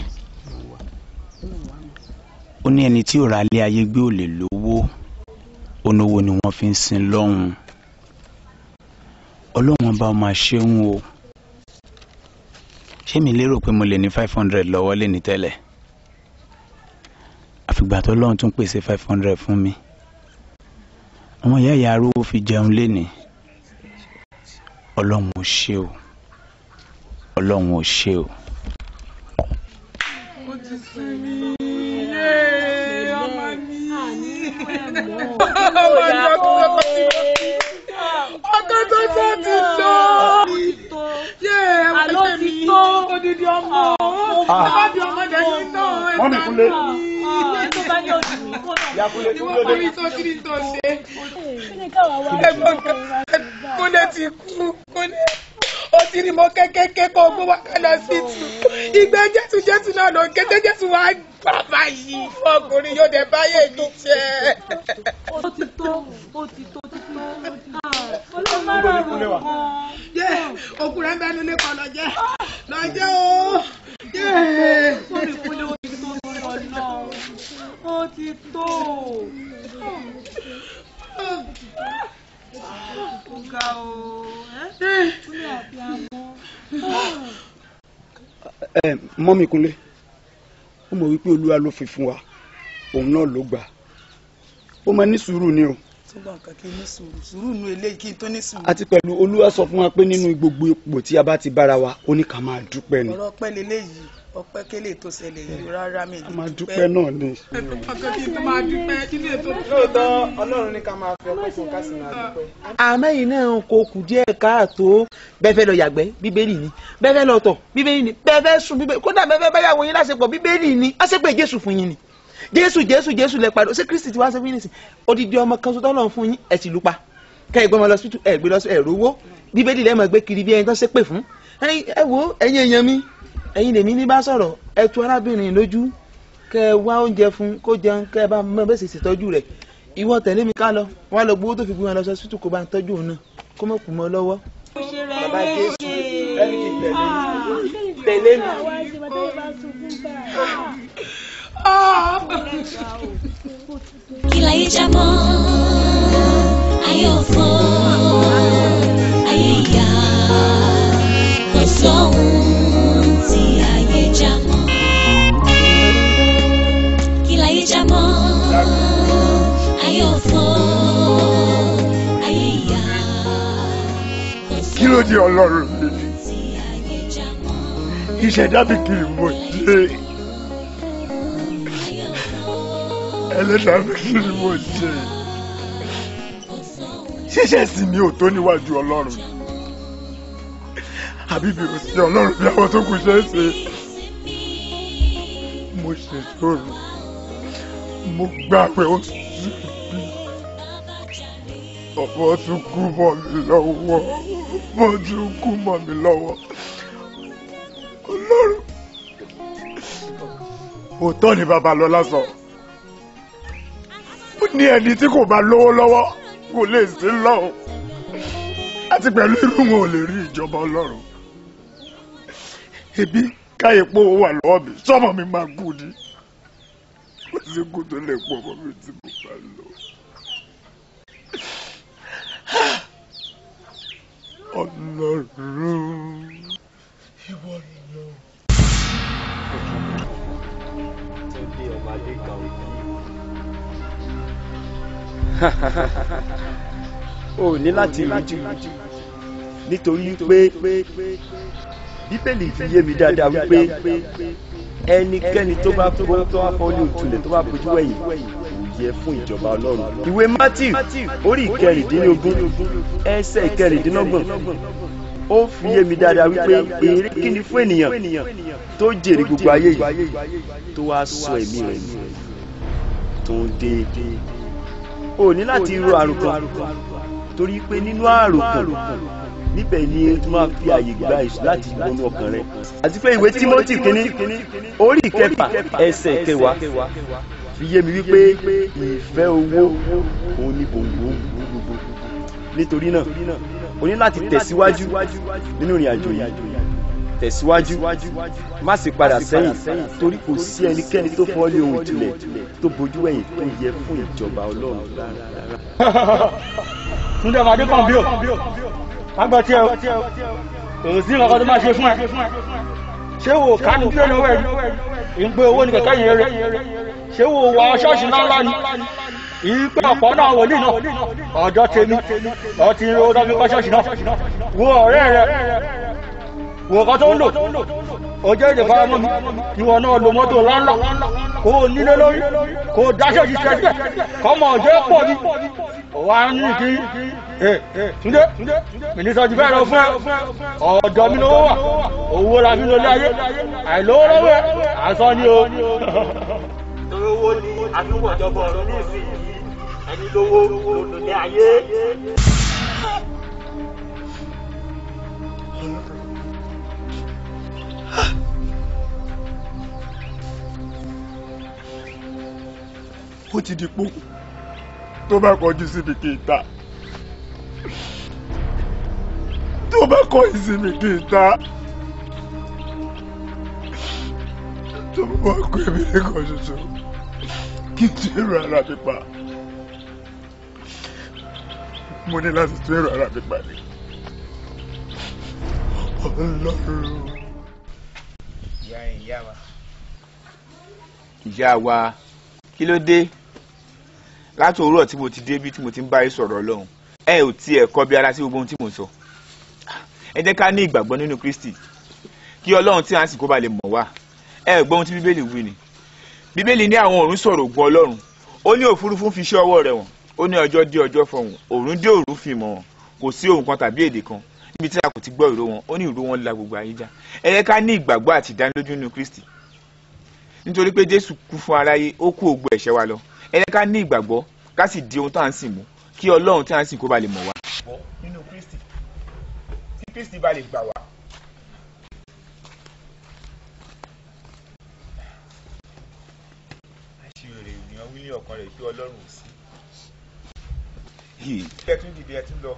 ó ní ẹni tí ò ra ilé ayé gbé ò lè lówó onówó ni wọ́n fi ń sin lọ́hùn ọlọ́run bá ọmọ ṣéun o ṣé mi lérò pé mo lè ní five hundred lọ́wọ́ lè ní tẹ́lẹ̀ àfìgbà tó lọ́run tún pèsè five hundred fún mi àwọn ìyá ìyá arúgbó fi jẹun lénìí ọlọ́run ò ṣe o ọlọ́run ò ṣe o. ó ti sùn mí yé ọmọ mi ọmọ mi ọkọ tó ti sọ tó odidi ọmọ ọmọ ah, di ọmọ dẹni ẹ ah, bá mi yakunle ti kú kúlódé ó ti rí mọ kékeré kó gbó wa kálá sí tu ìgbẹ́ jésù jésù náà lọ kété jésù wa gbà báyìí fọkùnrin yóò dé báyé mi jẹ. ó ti tó ó ti tó ti tó ọlọ́run ah, máa rọrùn gan-an. ọkùnrin bẹ́ẹ̀ nílé lọ jẹ́ lọ́jọ́ o yé. sórí ìkúlẹ̀ ó ti tó lórí ọ̀nà ó ti tó. ọ̀gá o túlẹ̀ àti àwọn. mọ́mí kúnlé ó mọ̀ wípé olúwa ló fi fún wa òun náà ló gbà ó máa ní sùúrù ni o túbọ̀ nǹkan kí n ní sùúrù sùúrù nu eléyìí kí n tó ní sùúrù. àti pẹ̀lú olúwa sọ fún wa pé nínú gbogbo ipò tí a bá ti bára wa ó ní ká máa dúpẹ́ ni. ọ̀rọ̀ pẹ́ leléyìí ọpẹ́ kélé tó ṣẹlẹ̀ yìí rárá mi ní dúpẹ́ náà ni. lóòótọ́ ọlọ́run ní ká máa fi ọkọ̀ fún ká sì àmẹ́yìn náà kò kù díẹ̀ káàtó bẹ́ẹ̀ fẹ́ lọ yàgbẹ́ bíbélì ni bẹ́ẹ̀ fẹ́ lọ tọ̀ bíbélì ni bẹ́ẹ̀ fẹ́ sùn bíbélì kódà bẹ́ẹ̀ fẹ́ báyàwó yín láṣepọ̀ bíbélì ni jésù jésù jésù lẹ pariwo ṣé kristi ti wá ṣe fínísì odidi ọmọ kan tó tọ́lọ̀ fún yín ẹ̀ sì lù pa kẹ́ ìgbọ́mọ lọ síbítù ẹ̀ gbé lọ sí ẹ̀rọ owó bíbélì lẹ́mọ̀ gbé kiri bí ẹni tó ṣe pè fún ẹ wo ẹ̀yin èèyàn mi ẹ̀yin lèmi ní bá sọ̀rọ̀ ẹ tu arábìnrin lójú kẹ́ ẹ wá oúnjẹ fún kó jẹun kẹ́ ẹ bá mọ bẹ́ẹ̀ sì ṣètọ́jú rẹ̀ ìwọ tẹ̀lé mi ká lọ wá lọ gbowó tó fi gbé wọn lọ sọ síbítù kó bá ń tọ́jú òun náà kó mọ̀ kù mọ́ lọ́wọ́. bàbá jésù tẹ̀lé mi tẹ̀lé mi. Kìláyé jábọ́, ayé òfò, ayé ìyá, kò sóhun tí ayé jámọ́. Kìláyé jábọ́, ayé òfò, ayé di ọlọ́run mi? Ìṣẹ̀dá mi kì í mọ̀ ṣe. ẹlẹ́dàá mi kí ni mo ṣe ṣíṣe sì ni òótọ́ níwájú ọlọ́run àbí bí o ṣe ọlọ́run bí àwọn tó kù ṣe é ṣe mo ṣe sóòrò mo gbà pé ó sì bí ọ̀pọ̀ tún kú mọ́ mi lọ́wọ́ mo tún kú mọ́ mi lọ́wọ́ ọlọ́run òótọ́ ni Babalọ́lá sọ ní ẹni tí kò bá lówó lọ́wọ́ kò lè sí lọ́hùn àti pẹ̀lú irú wọn ò lè rí ìjọba ọlọ́run ebi káyepó wà lọ́wọ́ mi sọ́mọ mi máa kú ni kò kú tó lè pọ̀ ọmọ mi tí mo bá lọ. ọlọ́run o ní láti rújú nítorí pé bíbélì fi yé mi dáadáa wípé ẹnikẹ́ni tó bá kó tó bá fọ́ ní òtúlẹ̀ tó bá bójú wẹ̀yìn kò fún ìjọba ọlọ́run. ìwé matthew orí ìkẹrìndínlógún ẹsẹ̀ ìkẹrìndínlọ́gbọ̀n ó fi yé mi dáadáa wípé èrè kí ni fún ènìyàn tó jèrè gbogbo ayé yìí tó wá sọ ẹ̀mí rẹ̀ tó ń dé o ní láti ro àròkàn torí pé nínú àròkàn níbẹ̀ ni o tún máa fi àyè gba èṣù láti wọnú ọkàn rẹ. àti pé ìwé Timothy kínní orí ìkẹfà ẹsẹ̀ kẹwàá fi yé mi wípé ìfẹ́ owó òun ni gbòǹgbò gbogbo nítorí náà o ní láti tẹ̀síwájú nínú ìrìn àjò yìí tẹ̀síwájú má sì padà sẹ́yìn torí kò sí ẹnikẹ́ni tó fọ́ọ́lé ohun ìjìnlẹ̀ tó bojú ẹ̀yìn tó yẹ fún ìjọba ọlọ́run rárá. túndé ọmọdé kan bí o má tí ẹ o sí ọkọ tó máa ṣe fún ẹ ṣé wo kánú kí lónìí owó ẹ ń owó ní kẹ̀kẹ́ yẹn rẹ ṣé wo wà ọ ṣọ́ọ̀ṣì ńláńlá ni ìpè ọ̀pọ̀ náà wòlíì náà ọ̀dọ́ tèmi ọtí ro dọ́bí kọ́ ṣọ́ọ̀ṣì náà wo ọ̀rẹ́ rẹ wọ́n kọ́ tó ń lò ó èdè faramọ́ mi ìwọ náà lo mọ́tò ńláńlá kó nílé lórí kó dáṣẹ́ ti ṣẹ́gbẹ́ kọ́mọ ọ̀jẹ́ pọ̀ mi wà á ní kí Túndé mínísítà ti bẹ́ẹ̀ fún ẹ ọ̀dọ̀ mi lówó wà owó la fi lọlé ayé àìlówó lọ́wọ́ ẹ àṣọ ni o. owó ni àdúgbò ìjọba ọ̀rọ̀ ní ìsìn ẹni lówó lòlùlẹ̀ ayé. ó ti di pò tó bá kọjú síbi kì í ta tó bá kọjú síbi kì í ta tó bá kọ èmi nìkan ṣoṣo kí n tún èrò ara mi pa mo ní láti tún èrò ara mi pa ni ọlọ́run ìyá wa kí ló dé láti òwúrọ̀ tí mo ti dé bí tí mo ti ń bá yín sọ̀rọ̀ ọlọ́run ẹ ò tiẹ̀ kọ́ bí ara sí gbogbo ohun tí mo sọ ẹ jẹ́ ká ní ìgbàgbọ́ nínú Kristi kí ọlọ́run tí a ń kó ba lè mọ̀ wá ẹ gbọ́ ohun tí bíbélì wí ni bíbélì ní àwọn òrùn sọ̀rọ̀ ògùn ọlọ́run ó ní òfurufú fi iṣẹ́ ọwọ́ rẹ̀ wọ̀n ó ní ọjọ́ dé ọjọ́ fọ̀hún òrùn dé òrùn fi mọ̀ wọ̀n kò sí ohùn kan tàbí èdè kan níbi tí a kò ti gbọ́ ìró wọn ó ní ìró wọn la gbogbo ayé já ẹ yẹ ká ní ìgbàgbọ́ àti ìdánilójú nínú Kristi nítorí pé Jésù kú fún aráyé ó kú ògbó ẹ̀ṣẹ̀ wa lọ ẹ yẹ ká ní ìgbàgbọ́ ká sì di ohun tá à ń sìn mú kí Ọlọ́run tí à ń sìn kó ba lè mọ̀ wá. nínú Kristi tí Kristi bá lè gbà wá. àṣìrè ènìyàn wílé ọkàn rẹ̀ pé Ọlọ́run ò sí. ẹ dìde ẹ lọ.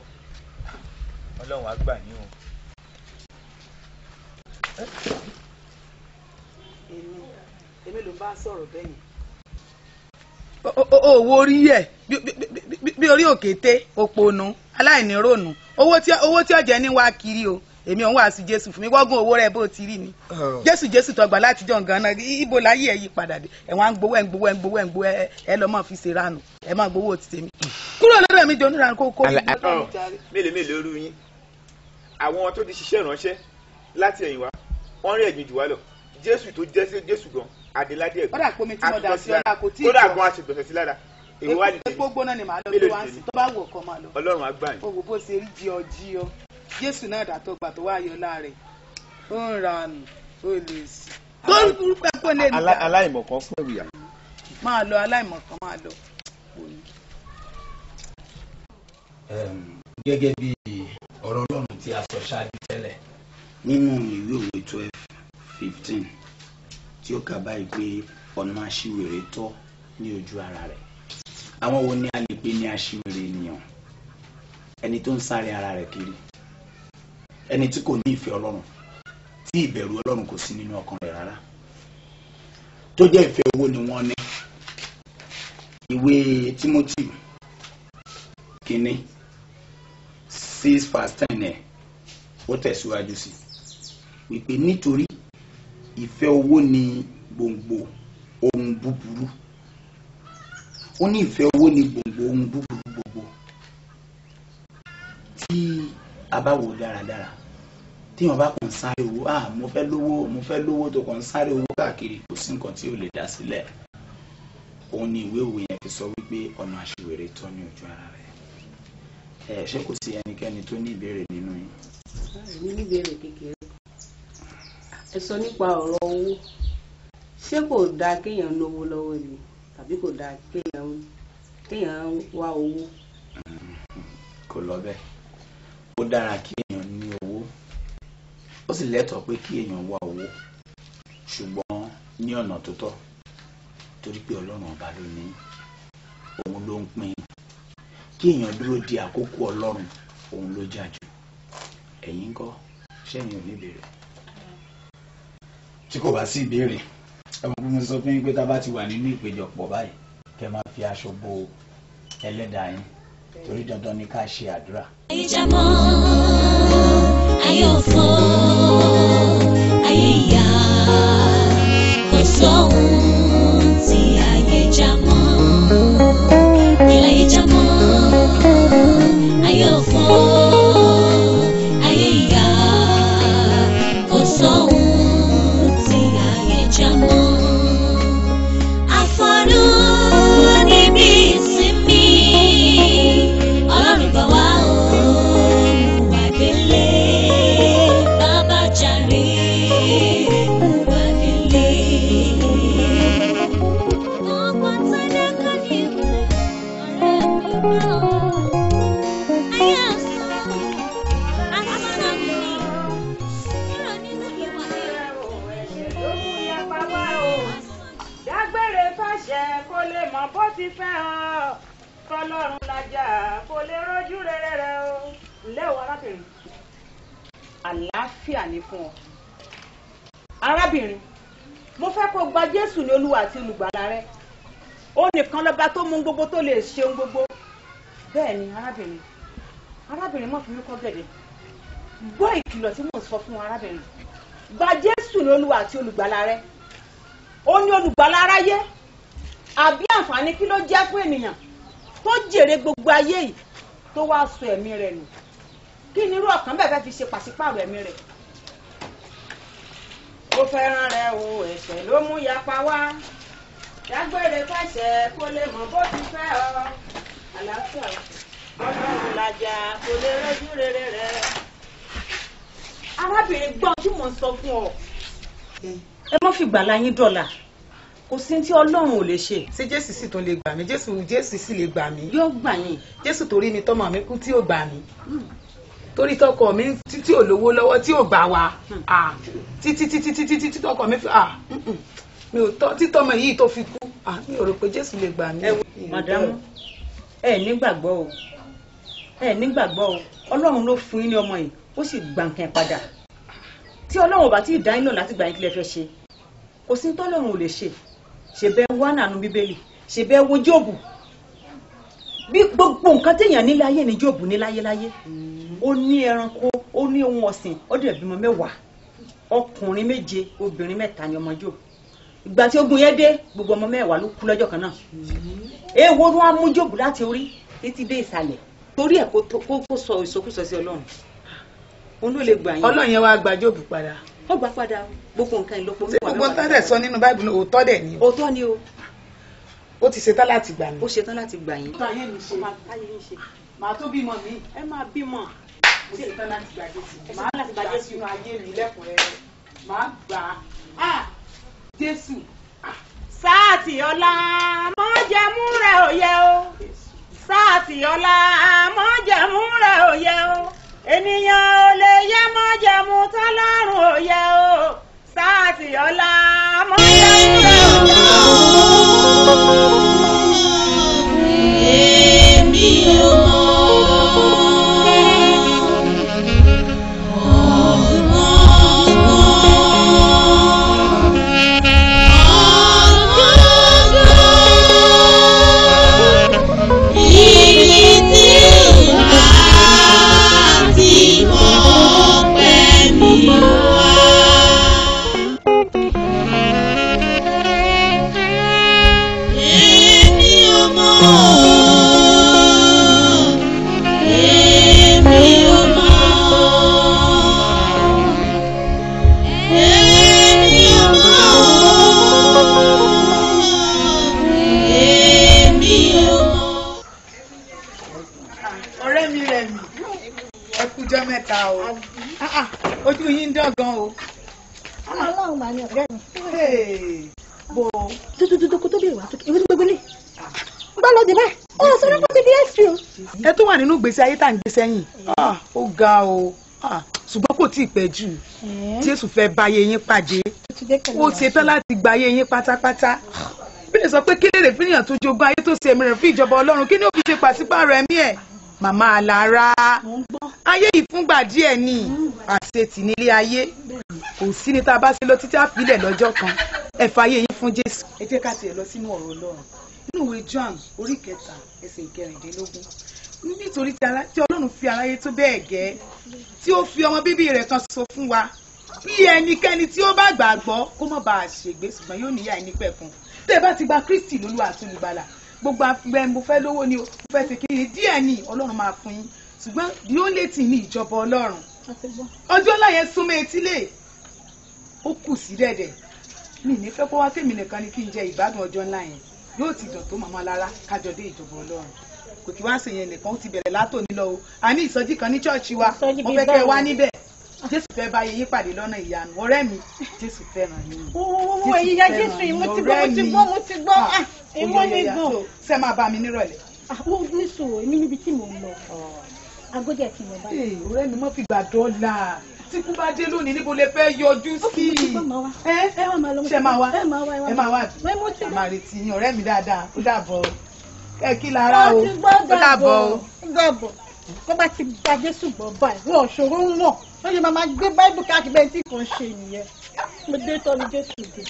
ọlọ́run á gbà yín o. èmi èmi ló bá sọ̀rọ̀ bẹ́yìn. owó orí yẹ bí orí òkété òpònú aláìní rònú owó tí ọ̀jẹ̀ ní wá kiri o èmi òun wàásù jésù fún mi wọ́gùn owó rẹ̀ bó ti rí ni oh. jésù tọgbà láti jọ nǹkan náà ibo láyé ẹ̀ yí padà dé ẹ̀wọ̀n ń gbowó ẹ̀ ń gbowó ẹ̀ ń gbowó ẹ̀ ń gbowó ẹ̀ fi ṣe ẹ̀ máa gbowó àwọn tó ti ṣiṣẹ́ ìránṣẹ́ láti ẹ̀yìn wa wọ́n rí ẹ̀gbìn jù wá lọ jésù tó jẹ́ sí jésù gan adéládé ẹ̀gbọ́n kódà kó mi tí mo dà sí ọ̀la kò tí ì kọ́ kódà gan aṣègbọ̀nsẹ̀ sí lára èwo wá nìyẹn epo gbóná ni màá lọ gbé wá sí tó bá wù ọkọ máa lọ ọlọ́run á gbà yín owó bó ṣe rí jí ọ jí ọ jésù náà dàtọ́ gbà tó wá yọ láàrẹ̀ ó ń ranù ó lè sí. tó ń burúkú ẹ̀kọ́ lè nìyà aláìmọ̀kan fún ìwìyà. máa lọ aláìmọ̀kan máa lọ. gẹ́gẹ́ bíi tí a sọ ṣáájú tẹ́lẹ̀. nínú ìwé òwe twelve fifteen tí ó kà báyìí pé ọ̀nà aṣiwèrè tọ́ ní ojú ara rẹ̀ àwọn wo ni a lè pè ní aṣiwèrè ènìyàn ẹni tó ń sáré ara rẹ̀ kiri ẹni tí kò ní ìfẹ́ ọlọ́run tí ìbẹ̀rù ọlọ́run kò sí nínú ọkàn rẹ̀ rárá tó jẹ́ ìfẹ́ owó ni wọ́n ní ìwé Timothy kínní six past ten ẹ̀ ó tẹ̀síwájú sí wípé nítorí ìfẹ́ owó ni gbòǹgbò ohun búburú ó ní ìfẹ́ owó ni gbòǹgbò ohun búburú gbogbo tí a bá wò dáradára téèyàn bá kàn sáré owó ah mo fẹ́ lówó mo fẹ́ lówó tó kàn sáré owó káàkiri kò sí nǹkan tí ò lè dá sílẹ̀ òun ni ìwé òwe yẹn fi sọ wípé ọ̀nà àṣìwèrè tọ́ ní ojú ara rẹ̀ ẹ ṣé kò sí ẹnikẹ́ni tó ní ìbéèrè nínú yín. mi ní ìbéèrè kékeré ẹ sọ nípa ọ̀rọ̀ owó ṣé kò dáa kéèyàn lówó lọ́wọ́ ni tàbí kò dáa kéèyàn kéèyàn wá owó. kò lọ bẹ́ẹ̀ ó dára kí èèyàn ní owó ó sì lẹ́tọ̀ọ́ pé kí èèyàn wá owó ṣùgbọ́n ní ọ̀nà tó tọ́ torí pé ọlọ́run ọba ló ní òun ló ń pín kí èèyàn dúró di àkókò ọlọ́run òun ló jà jù ẹ̀yin ńkọ́ sẹ́yìn ò ní béèrè tí kò bá sí ìbéèrè ẹ mọ̀ sọ fún yín pé tá a bá ti wà nínú ìpéjọpọ̀ báyìí kẹ́ máa fi aṣọ bo ẹlẹ́dàá yín torí dandan ni ká ṣe àdúrà. ìjàmọ́ ayọ̀fọ́. àti olùgbàlà rẹ ó nìkan lọ́ba tó mú gbogbo tó lè ṣeun gbogbo bẹ́ẹ̀ ni arábìnrin arábìnrin má fi mí kọ́ gẹ̀dẹ̀ gbọ́ ìkìlọ̀ tí mò ń sọ fún arábìnrin gba Jésù ní olúwa àti olùgbàlà rẹ ó ní olùgbàlà aráyé àbí àǹfààní kí ló jẹ́ fún ènìyàn tó jèrè gbogbo ayé yìí tó wá sọ ẹ̀mí rẹ̀ nù kí ni irú ọ̀kan bẹ́ẹ̀ fẹ́ fi ṣe pàṣípààrọ̀ ẹ̀mí rẹ̀ mo fẹ́ràn rẹ o ẹ̀ṣẹ̀ ló mú yapa wá dágbére fẹsẹ̀ kó lè mọ bó ti fẹ́ ọ àlàáfíà ọlọ́run làjà kó lè rẹ́jú rere rẹ. arábìnrin gbọ́ ojú mọ̀ ń sọ fún ọ. ẹ má fi gbàlá yín dọ̀là kò sí tí ọlọ́run ò lè ṣe. ṣé jésù sì tún lè gbà mí jésù jésù sì lè gbà mí. yóò gbà yín. jésù torí mi tọmọ mi kú tí ò gbà mí. Hmm torí tọkọ mi títí ò lówó lọ́wọ́ tí ò gbà wá hmm. ah, títí títí títí títí tọkọ mi fi ah, mi ò tọ́ títọ́ ọmọ yìí tó fi kú ah, mi ò rò pé Jésù lè gbà mí. màdámù ẹ nígbàgbọ́ o ẹ nígbàgbọ́ o Ọlọ́run ló fún yín ní ọmọ yìí ó sì gbà nǹkan padà tí Ọlọ́run ò bá tí ì dá yín lọ láti gbà yín kí lẹ fẹ́ ṣe kò sí tọ́lọ́run ò lè ṣe ṣe bẹ́ẹ̀ wá nànú Bíbélì ṣe bẹ́ẹ̀ wo Jóòbù bí gbogbo nǹkan téèyàn níláyé ni Jóòbù níláyé láyé. Mm ó ní ẹranko ó ní ohun ọ̀sìn ó dẹ̀ bímọ mẹ́wàá ọkùnrin méje obìnrin mẹ́ta ni ọmọ Jòbù ìgbà tí ogun yẹn dé gbogbo ọmọ mẹ́wàá ló kú lọ́jọ́ kan náà èèwọ̀ ni wọ́n á mú Jòbù láti orí títí dé ìsàlẹ̀ torí ẹ̀ kó sọ ìsọkúsọ sí Ọlọ́run òun ló lè gbà yín. Ọlọ́run yẹn wàá gba Jòbù padà ó gbà padà gbogbo nǹkan ìlọ́po mẹ́wàá. gbogbo nǹkan tẹ̀ sọ nínú báìbù òótọ́ dẹ̀ ni. òótọ́ ni o. ó ti ṣetán láti gbà mí. ó ṣetán láti gbà yín. ó máa táyé ṣe máa tó bímọ mi. ẹ máa bímọ kò sí ìtàn láti gbà jésù màá láti gbà jésù inú ayé mi lẹ́kùnrẹ́rẹ́ màá gbà á jésù. sáàtì ọ̀la mọ́jẹ̀mú rẹ̀ ò yẹ o sáàtì ọ̀la mọ́jẹ̀mú rẹ̀ ò yẹ o ènìyàn ò lè yẹ mọ́jẹ̀mú tọ́lọ́run ò yẹ o sáàtì ọ̀la mọ́jẹ̀mú rẹ̀ ò yẹ o. ta o ah, ah, ojú yín ń dán gan o. Ah, ọlọ́run mà ní ọ̀rẹ́ mi. bò ó. tuntun kó tó bẹ̀rẹ̀ wá tókè ewé tó gbégbé lè. gbá lọ dì báyìí ó sọ fún pọ́tí bí ẹ̀sìn o. ẹ tó wà nínú ìgbésí ayé tá à ń gbé sẹ́yìn ó ga o ṣùgbọ́n kò tíì pẹ́ jù jésù fẹ́ báyé yín pàdé ó ṣe tán láti gbáyé yín pátápátá bílẹ̀ sọ pé kí lèrè fíyàn tó jogún ayé tó ṣe ẹ̀mí rẹ̀ fún ìjọba ọlọ́run kí ni ó fi ṣe pàṣípààrọ̀ ẹ̀mí ẹ̀ màmá alára ayé ìfúngbà díẹ̀ ni àṣetì nílé ayé kò sí ní tá a bá ṣe lọ títí àpilẹ̀ lọ́jọ́ kan ẹ fàyè yín fún Jésù. ẹ jẹ́ ká tiẹ̀ lọ sínú ọ̀rọ̀ Ọlọ́run nínú ìwé John orí kẹta ẹsẹ̀ ìkẹrìndínlógún nítorí tí Ọlọ́run fi aráyé tó bẹ́ẹ̀ gẹ́ tí ó fi ọmọ bíbí rẹ̀ kan ṣoṣo fún wa bí ẹnikẹ́ni tí ó bá gbàgbọ́ kó má bàa ṣègbé ṣùgbọ́n yóò níyà ẹni pẹ̀kun tẹ́ ẹ bá ti gba Kristi lólúwa àtúnibàlà gbogbo afẹ́ mo fẹ́ lówó ni o mo fẹ́ ṣe kiri díẹ̀ ni ọlọ́run máa fún yín ṣùgbọ́n the only thing ni ìjọba ọlọ́run ọjọ́ ọ̀la yẹn súnmọ́ etílé ó kù sí dẹ̀dẹ̀ mi ní fẹ́ kó wá kémi nìkan ni kí n jẹ ìgbádùn ọjọ́ ńlá yẹn yóò ti dàn tó màmá lára kájọ dé ìjọba ọlọ́run kò kí wá ṣèyẹn nìkan ó ti bẹ̀rẹ̀ látòní lọ o a ní ìsọjí kan ní ṣọ́ọ̀ṣì jésù fẹ́ bá yẹ yípàdé lọ́nà ìyanu ọ̀rẹ́ mi jésù fẹ́ràn yín. owó ẹ̀yin ya jésù yìí mo ti gbọ́ mo ti gbọ́ mo ti gbọ́ èmo ah, ah, ni gan. ṣé máa bá mi nírọ̀lẹ́. àwọn oníṣò èmi níbi tí mò ń lọ agójà ti mọ̀ báyìí. ọ̀rẹ́ mi mọ́ fi gbà dọ́là tí kú bá dé lónìí níbo lè fẹ́ yọjú sí i. ṣé máa wá ẹ máa wá ẹ máa wá àmà retí yín ọ̀rẹ́ mi dáadáa ó dàbọ̀ ẹ kí lára o ó dàbọ̀ o. kó bá ti gba jésù báyìí wọ́n ṣòro ń wọ̀ wọ́n yẹ màmá gbé báíbù káàkiri bẹ́ẹ̀ tí kò ń ṣe nìyẹn mo dé tọ́ jésù dé.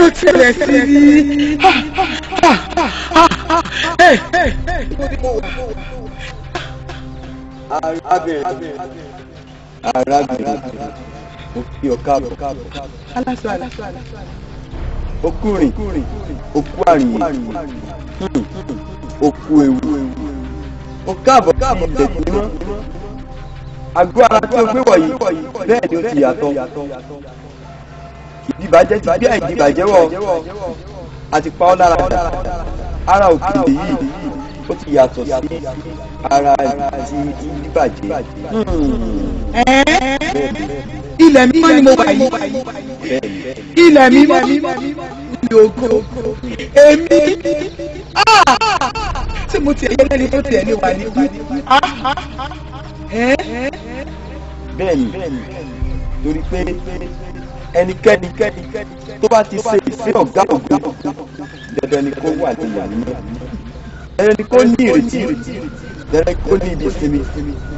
ló tẹ̀lẹ̀ sí ni arábìnrin arábìnrin mo fi ọ̀ka bọ̀ aláṣọ aláṣọ okùnrin okú àrìyè okú ewu mo káàbọ̀ káàbọ̀ tẹ̀sí mọ́ àgọ́ ara tí o gbé wọ̀nyí bẹ́ẹ̀ ni ó ti yàtọ̀ ìbàjẹ́ ti bí àìní ìbàjẹ́ wọ̀ àti pa ọ́ lára ara òkèlè yìí ó ti yàtọ̀ sí ara ti ìbàjẹ́. Hmm. ilẹ̀ mímọ́ ni mo wà yìí ilẹ̀ mímọ́ ni ògo èmi tí ah! mo tiẹ̀ yẹ lẹ́ni tó tiẹ̀ ní wà ní kú. bẹ́ẹ̀ni torí pé ẹnikẹ́ni tó bá ti ṣe ìfẹ́ ọ̀gá ògbé dandan ni kó wà níyà nínú dandan ni kó ní ìrètí dandan ni kó ní ibi ìsinmi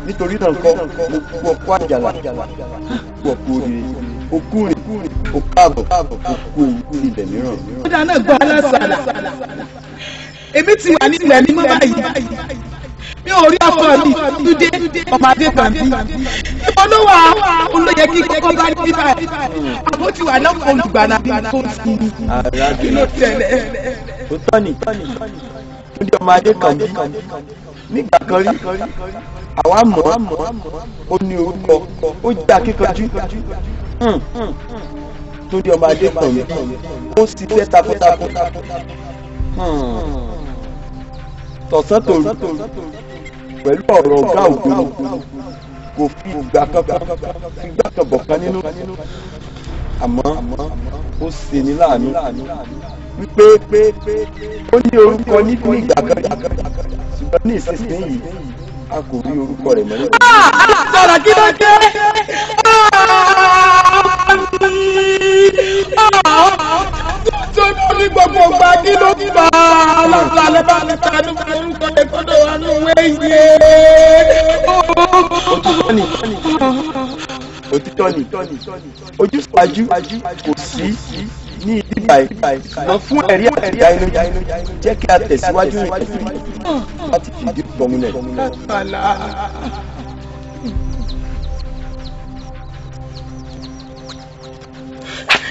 nítorí náà kọ́ mo kú ọkọ́ àjàlá kú ọkọ́ oríire okú rè okú àbọ̀ okú ewu ilẹ̀ mìíràn. ó dáná gbọ́ alásàlà èmi ti wà nílẹ̀ mímọ́ báyìí ní orí afọ́ọ̀dì túndé ọmọ adé pàǹtí. ìbọn ló wà olóyè kí kọ́kọ́ bá ní bíbá ẹ̀ àbójú wà náà fún olùgbàlà bí kò sí i ló tẹ̀lé. ó tọ́ni túndé ọmọ adé pàǹtí nígbà kan rí àwa mọ̀ ó ní orúkọ ó jẹ́ akíkanjú hmm. torí ọmọ adé kan mi ó sì tẹ́ takuntakun hmm. tọ̀sán tòru pẹ̀lú ọ̀rọ̀ ọ̀gá ògbóni kò fi ìgbà kankan ìgbà kan bọ̀kan nínú àmọ́ ó ṣe ní láàánú wípé ó ní orúkọ ní ìgbà kan ṣùgbọ́n ní ìsinsìnyí a kò rí orúkọ rẹ̀ mọ́. sọ̀rọ̀ ah, ah, ah, kí ló dé nítorí ní gbogbo gba kí ló fà á lọ́sàlẹ̀ bá ti tanú tanú kọ́lé kọ́dọ̀ wà ní òwe yé. òtítọ́ ni òtítọ́ ni ojúṣàájú kò sí ní ìdíbà ìmọ̀ fún ẹ̀rí àtìyá inú jẹ́ kí a tẹ̀síwájú ìrìn àti ìdí gbọ̀mùnẹ̀.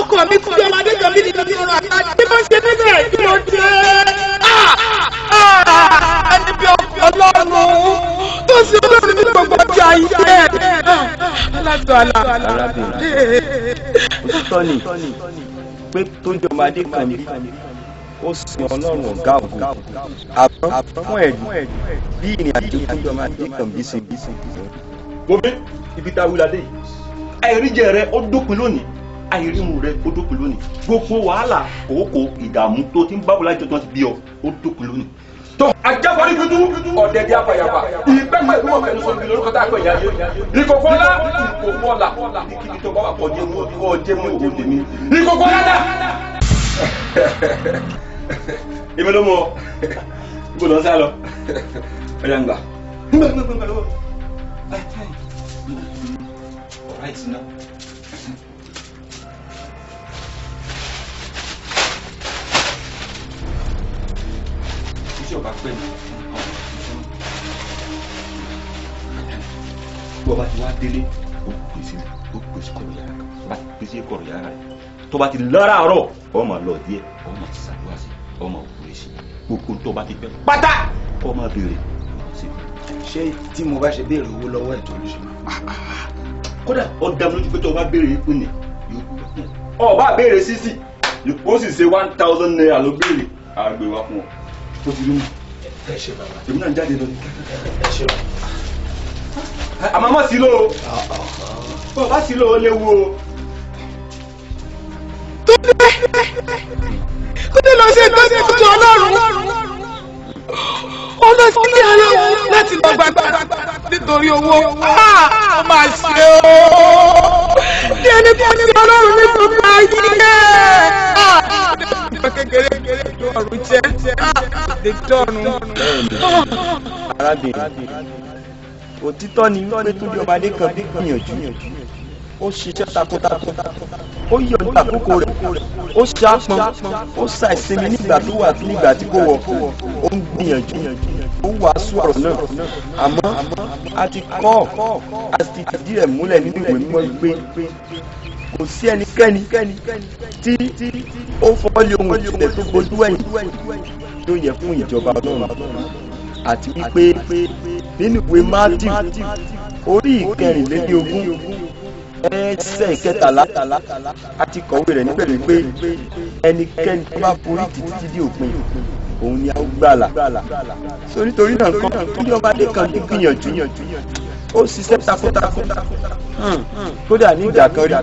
ọkọ mi kú bí ọmọdé jọ mí nínú ìrọ̀ àtàjẹ́ bí wọ́n ṣe bẹ́ẹ̀ kí ló dé. Ah, ah, ẹni bí ọlọ́run tó sì ọlọ́run ní gbogbo ọjà ayé látọ̀ àlà. òtítọ́ ni pé tó jọ ọmọdé kan bí ó sin ọlọ́run ọ̀gá ògùn àbọ̀ ẹ̀dùn bí ìrìn àjò tó jọ ọmọdé kan bí sin bí ibi tá a wúlò adé yìí àìríjẹ rẹ ó dópin lónìí àìríhun rẹ ó dópin lónìí gbogbo wàhálà kòókò ìdààmú tó ti ń bá wọlé àjọ tó ti bí ọ ó dópin lónìí. tó ajábọ̀rí dúdú ọ̀dẹ̀dẹ̀ apàyàpà ìgbẹ́pọ̀ ìgbìmọ̀ pẹ̀lú sọ́dún bíi lórúkọ tá a pè yàn yé ìkòkòlá ìkòkòlá níbi tó bá wà kọjá mú ọjẹ́ mú òde tèmi ìkòkòlá dà. èmi ló mọ ibo ló ń sá lọ ọjà ń gbà. ń gbà ń gbà ń gbà lọ́wọ́ tí ọba pẹ́ mi bí ọba ti wá délé ó pèsè ó pèsè kọ̀rọ̀ yàrá kan ọba ti pèsè kọ̀rọ̀ yàrá rẹ̀ tọba ti lọ́ra àárọ̀ ọmọ lọ díẹ̀ ọmọ ti ṣàdúrà sí ọmọ òkúrẹ́ sí gbogbo tọba ti fẹ́ pátá kọ́ ọmọ béèrè ṣé tí mo bá ṣe béèrè owó lọ́wọ́ ẹ̀ tó ló ṣe máa kódà ó dá pé tó o bá béèrè yìí pín ní yóò kú ọ bá béèrè sísì ó sì ṣe one thousand naira ló béèrè àgbè wa fún ọ o ti rí mu. ẹ ṣe bàbá. èmi náà ń jáde lọ ní. ẹ ṣe bàbá. àmọ́ mọ̀ sí lò ó. bọ̀ bá sí lò ó léwu o. tó dé tó dé lọ sí ẹgbẹ́ sí ìtọ́jú ọlọ́run ó lọ sí ara wọn láti lọ gbàgbà nítorí owó ah, ó máa ṣe ó ní ẹni tó ti ọlọ́run nítorí kékeré tó ọ̀rùn jẹ́ lè dọ́rùn. arábìnrin òtítọ́ ni wípé tó di ọmọdé kan gbìyànjú ó ṣiṣẹ́ takuntakun ó yọ nígbà àkókò rẹ̀ ó ṣe àpọn ó ṣàìsinmi nígbà tó wà nígbà tí kò wọ̀ ó ń gbìyànjú ó wàásù ọ̀rọ̀ náà àmọ́ a ti kọ́ a ti dí múlẹ̀ nínú ìwé mímọ́ pé kò sí ẹnikẹ́ni tí ó fọ́lé ohun ìṣẹ̀lẹ̀ tó gbojú ẹ̀yìn tó yẹ fún ìjọba ọlọ́run àti wípé nínú ìwé Mátíù orí ìkẹrìnlélógún ẹsẹ̀ ìkẹtàlá àti kọ̀wé rẹ̀ níbẹ̀ wípé ẹnikẹ́ni tó bá forí títí di òpin òun ni a ó gbàlà so nítorí náà nǹkan tó yọba dé kan gbìyànjú ó ṣiṣẹ́ takuntakun hmm. kódà ní ìjà kan rí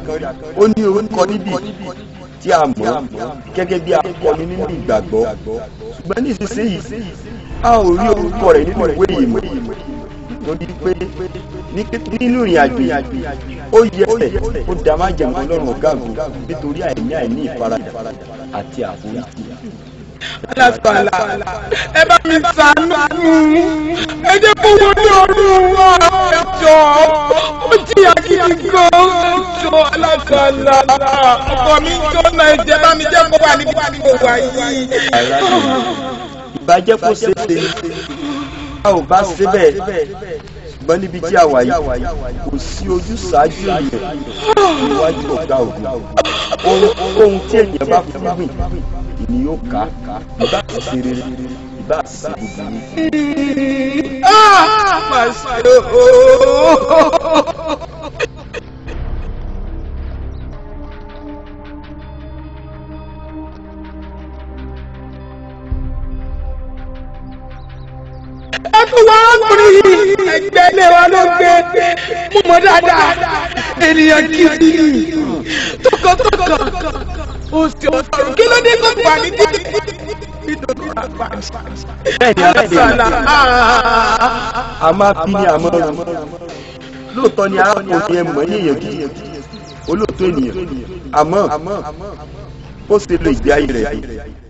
ó ní orúkọ níbí tí a mọ̀ gẹ́gẹ́ bí akọni nínú ìgbàgbọ́ ṣùgbọ́n ní ìsinsìnyí a ò rí orúkọ rẹ̀ nínú ìwé yìí mọ́ lórí pé nínú ìrìn àjò ó yẹ ó dá májèmọ́ lọ́rùn ọ̀gá àgùn nítorí àìní àìní ìfaradà àti àforíjì. Alasala, ẹ bá mi sànú ẹ jẹ́ kó wo ọdún wa ẹjọ́ ó jìyà gidi gan ẹjọ́ alásàlà ọkọ mi ń jọ náà ẹ̀jẹ̀ bá mi jẹ́ kó wà níbi tí mo wà yìí. ìbàjẹ́ kò ṣeé ṣe a ò bá síbẹ̀ ṣùgbọ́n níbi tí a wà yìí kò sí ojú ṣáájú èèyàn níwájú ọ̀gá ògùn ohunkóhun tí èèyàn bá fúngbìn ni yóò ká ìbá ṣe rere ìbá ṣe búburú. Ah, ẹ fún wa ọkùnrin yìí ẹgbẹ́ ilé wa ló gbé mú mọ́ dáadáa ènìyàn kìí tọkàntọkàn ó sì ó sọ̀rọ̀ kí ló dé kó gbà ní títí nítorí àgbà a máa bí ní àmọ́ lóòótọ́ ni arákùnrin ẹ̀ mọ̀ ní èèyàn gidi olóòótọ́ ènìyàn àmọ́ ó ṣe lo ìgbé ayé rẹ̀ yìí.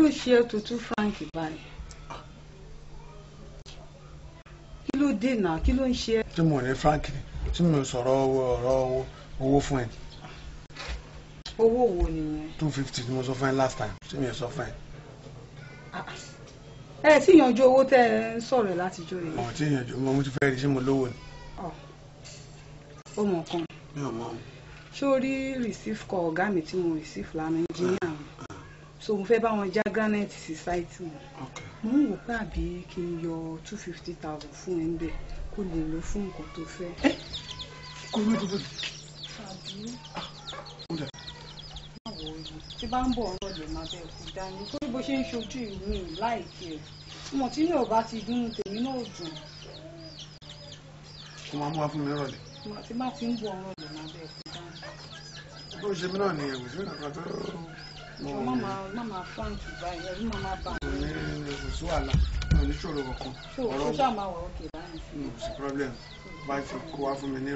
ló ṣe ẹ́ tó tú Frank báyìí kí ló dènà kí ló ń ṣe ẹ́. tí mo rí Frank ni tí mo sọ̀rọ̀ ọ̀rọ̀ owó fún ẹ. owó wo nìyẹn. two fifty ni mo sọ fún ẹ last time tí mi sọ fún ẹ. Ah, ah. ẹ ti yanjú owó tẹ ẹ ń sọ̀rọ̀ láti jó yẹn. ọ̀ tí yanjú mo ti fẹ́ rí sí mo lówó ni. ọmọ ah. kan. mi ò mọ. ṣé o rí receive call ọ̀gá mi tí mo receive lánàá engineer mi so mo fẹ́ bá wọn já granite sí sáìtì mo ń wò pé àbí kí n yọ two fifty thousand fún ẹ níbẹ̀ kó lè lọ fún nǹkan tó fẹ́. Eh! kò ní dúró. tàbí ah! báwo tí bá ń bọ̀ ọ̀rọ̀ lè máa bẹ̀ kú dání pé bó ṣe ń ṣojú ìwé láìkí ẹ̀ mo tí yóò bá ti dún tèmi náà dùn. kó máa mú wá fún mi rọ̀lẹ́. tí bá ti ń bọ̀ ọ̀rọ̀ lè máa bẹ̀ kú dání. bó ṣe mí nìyẹn kò sí nǹkan tó. Eh, sí wàhálà náà ní ṣòro kankan ọ̀rọ̀ mi hmm, kò sí problem bá ti kó wá fún mi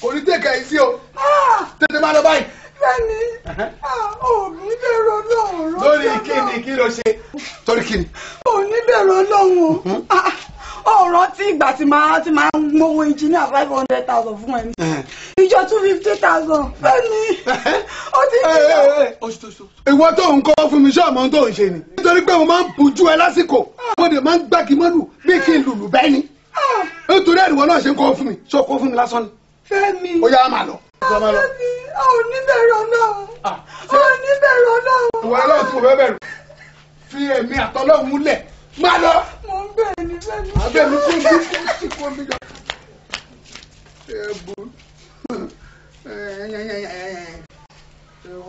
kò ní tẹ̀ka ẹ sí o ah! tètè má lọ báyìí bẹ́ẹ̀ni òní bẹ̀rù ọlọ́run rọ́ṣẹ́ náà. lórí kíni kí ló ṣe torí kíni. òní bẹ̀rù ọlọ́run ọ̀rọ̀ tí ìgbà tí máa ti máa ń mówó engineer five hundred thousand fún ẹni ìjọ two fifty thousand fẹ́mi ó ti jẹ́. ìwọ tó ń kọ́ fún mi ṣé ọmọ tó ń ṣe ni. nítorí pé mo máa ń bujú ẹ lásìkò mo dẹ̀ máa ń gbági mọ́lù bí kí n lùlù bẹ́ẹ̀ ni. nítorí ẹ̀rìwọ̀ náà ṣe ń kọ́ fún mi ṣé o kọ́ fún mi lásán ni. fẹ́mi ó yá máa lọ ọlọ́ni a ò ní bẹ̀rù ọlọ́run ah, a ò ní bẹ̀rù ọlọ́run. ìwà ọlọ́run tí mo fẹ́ bẹ̀rù fi ẹ̀mí àtọ́lọ́hún lẹ̀ má lọ. mo ń bẹ̀ ní bẹ́ẹ̀ni. abẹ́mi kò ní kó sì kó mi lọ. ẹ̀bùn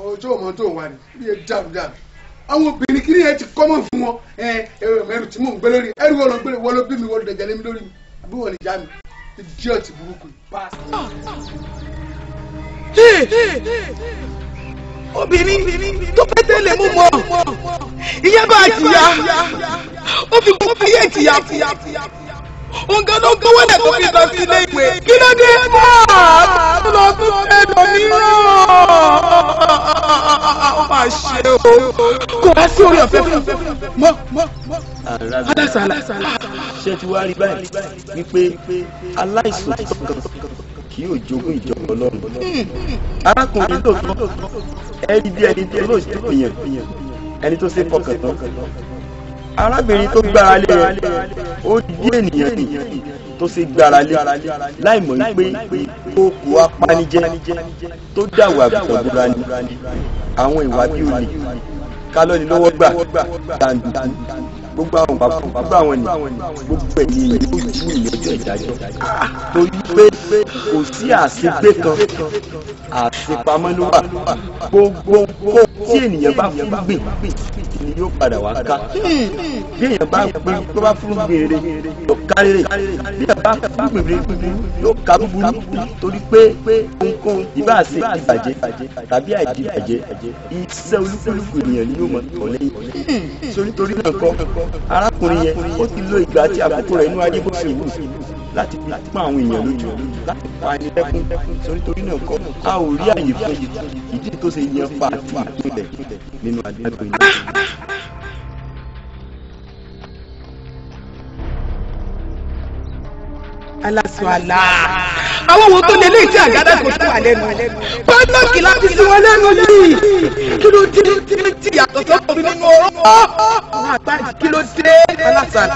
ọjọ́ ọmọ tó wà ní bí ẹ dàrú dàrú àwọn obìnrin kiri yẹn ti kọ́mọ̀ fún wọn ẹrù tí mò ń gbé lórí ẹrù wọn ló gbé wọn ló bí mi wọn ló dẹjà lé mi lórí mi àbí wọn lè já mi idiot burúkú obìnrin tó fẹ́ tẹ́lẹ̀ mú mọ́ ìyá bá jìyà ó fi kún ayé ìjìyà nǹkan ló gbówó lẹ̀ tó fi lọ sí ilé ìwé kí ló dé náà tó lọ tún fẹ́ lọ mìíràn ó mà ṣe o kò wá sí orí ọ̀fẹ́ fún mọ́ alásàlá. ṣé ti wá rí báyìí wípé aláìsàn tó kàn kì yóò jogún ìjọba ọlọ́run. arákùnrin lóòótọ́ ẹni bí ẹni tó lóòótọ́ yẹn ẹni tó ṣe fọkàn tán. arábìnrin tó gbára lé rẹ ó di ènìyàn nìyẹn tó ṣe gbára lé láì mọ̀ pé kókó apanijẹ́ tó dàwọ̀ àgùntàbúra ni àwọn ìwà bí olè kálọ́ni lọ́wọ́ gbà dàǹdùn gbogbo àwọn bàbá gbogbo àwọn ènìyàn gbogbo ẹ̀yìn ènìyàn yóò jí ní ọjọ́ ìdájọ́ ah, torí pé kò sí àṣepé kan àṣepamọ́ ló wà gbogbo kó tí ènìyàn bá fún gbìn ni yóò padà wá ká bí èèyàn bá gbé tó bá fún gbèrè yóò kárèrè bí èèyàn bá fún gbèrè yóò ká búburú torí pé ohunkóhun ìbá ṣe ìbàjẹ́ tàbí àìdíbàjẹ́ iṣẹ́ olúkúlùkù ènìyàn ni yóò mọ̀ tọ̀ lẹ́yìn sórí torí náà kọ́ arákùnrin yẹn ó ti lo ìgbà àti àkókò rẹ̀ inú ayé bó ṣe wù láti pa àwọn èèyàn lójú láti pa ẹni lẹ́kún sórí torí náà kọ́ a ò rí àyè fún ìdí tó ṣe yan pa àti ìpínlẹ̀ nínú adágún ilé àwọn wo tó lè lé ìtí àgádá kò sí wà lẹ́nu pálọ́ọ̀kì láti sí wọn lẹ́nu yìí kí ló dé tí yàtọ̀ sọ́kọ̀ mi nínú ọ̀rọ̀ ọ̀hún àgbájì kí ló dé alásàn.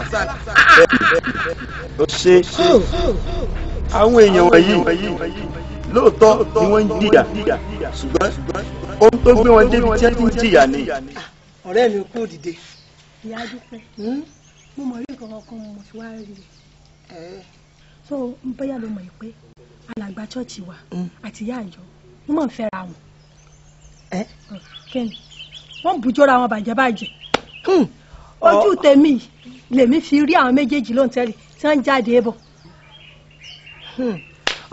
ó ṣe àwọn èèyàn wọ̀nyí lóòótọ́ ni wọ́n ń jìyà ṣùgbọ́n ohun tó gbé wọn débi tí wọ́n ti ń jìyà ni. ọ̀rẹ́ mi kú dìde. ìyá dúpẹ́ hmm? mo mọ̀ rí nǹkan kan mo ti wá rí i. so bóyá ló mọ̀ pé alàgbà ṣọ́ọ̀ṣì wa mm. àti ìyá àjọ wọ́n mọ̀ ń fẹ́ra wọn. Eh? kẹ́ni wọ́n bùjọ́ra wọn bàjẹ́ bàjẹ́ hmm. ojú oh. tèmi lèmi fi rí àwọn méjèèjì ló ń tẹ́lẹ̀ tí wọ́n ń jáde bọ̀. Hmm.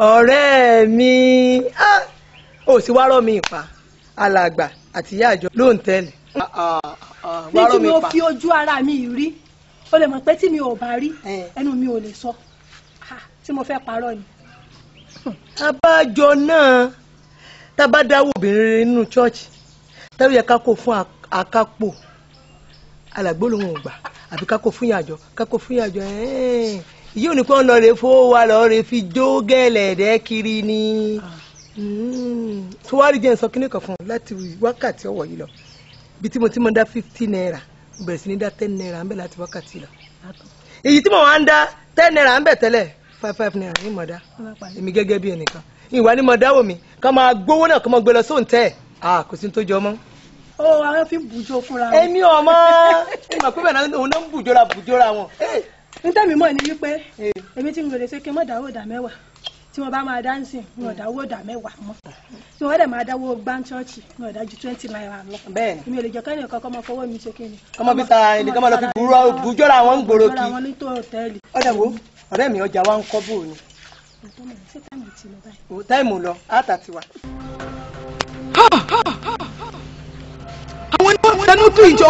ọ̀rẹ́ mi ò ah! sí wárọ̀ mi pa alàgbà àti ìyá àjọ ló ń tẹ́lẹ̀. Ah, ah, ní tí mo fi ojú ara mi rí o lè mọ̀ pé tí mi ò bá rí eh. ẹnu mi ò lè sọ tí mo fẹ́ parọ́ ni abájọ náà tábà dáwọ́ obìnrin rere nínú chọ́ọ̀chì tábà yẹ kákò fún àkápò alàgbò lòun ò gbà àbí kákò fún yàjọ kákò fún yàjọ yìí ò ní pé ọ̀nà rẹ̀ fowó wa lọ́ọ́ rẹ̀ fi jó gẹ̀lẹ́dẹ́ kiri ni hmm, tó wá rí jẹ́ nsọ kíní kan láti wákàtí ọ̀wọ̀ yìí lọ bí tí mo ti mọ dá fifty naira bẹ̀rẹ̀ sí ní dá ten naira ń bẹ̀ láti wákàtí lọ èyí tí mo wá ń dá ten naira ń bẹ̀ tẹ́lẹ̀ five five naira ní mọ̀dá èmi gẹ́gẹ́ bí ẹnìkan ìwà ní mọ̀dá wò mí kàn máa gbowó náà kàn máa gbé lọ sóńtẹ́ ẹ̀ kò sí ní tó jọ mọ́ ó àwọn fi ń bùjọ fúnra wọn. èmi ọmọ ìmọ̀ pé bẹ̀rẹ̀ òun náà ń bùjọra bùjọra wọn. n tẹ́mi mọ̀ ni wípé èmi tí n gbèrè ṣe kí n mọ̀ dáwọ́ dà mẹ́wàá tí wọ́n bá máa dáńsìn n ò dáwọ́ dà mẹ́wàá mọ́ tí wọ́n dẹ̀ máa dáwọ́ gbá ṣọ́ọ̀ṣì n ò dájú twenty naira lọ. bẹ́ẹ̀ni èmi ò lè jẹ́ kẹ́ni ọ̀kan kọ́mọ fọwọ́ mi ṣe kí ni. kọ́mọ bí ta ẹnìkan máa lọ fi bùjọra wọn ń gbòòrò kí. ọ̀dẹ̀ wo ọ̀rẹ́ mi ọjà wa ń kọ́ bò ni. táìmù lọ áàtà ti wà. àwọn ẹni wọ́n tẹnu tú ìjọ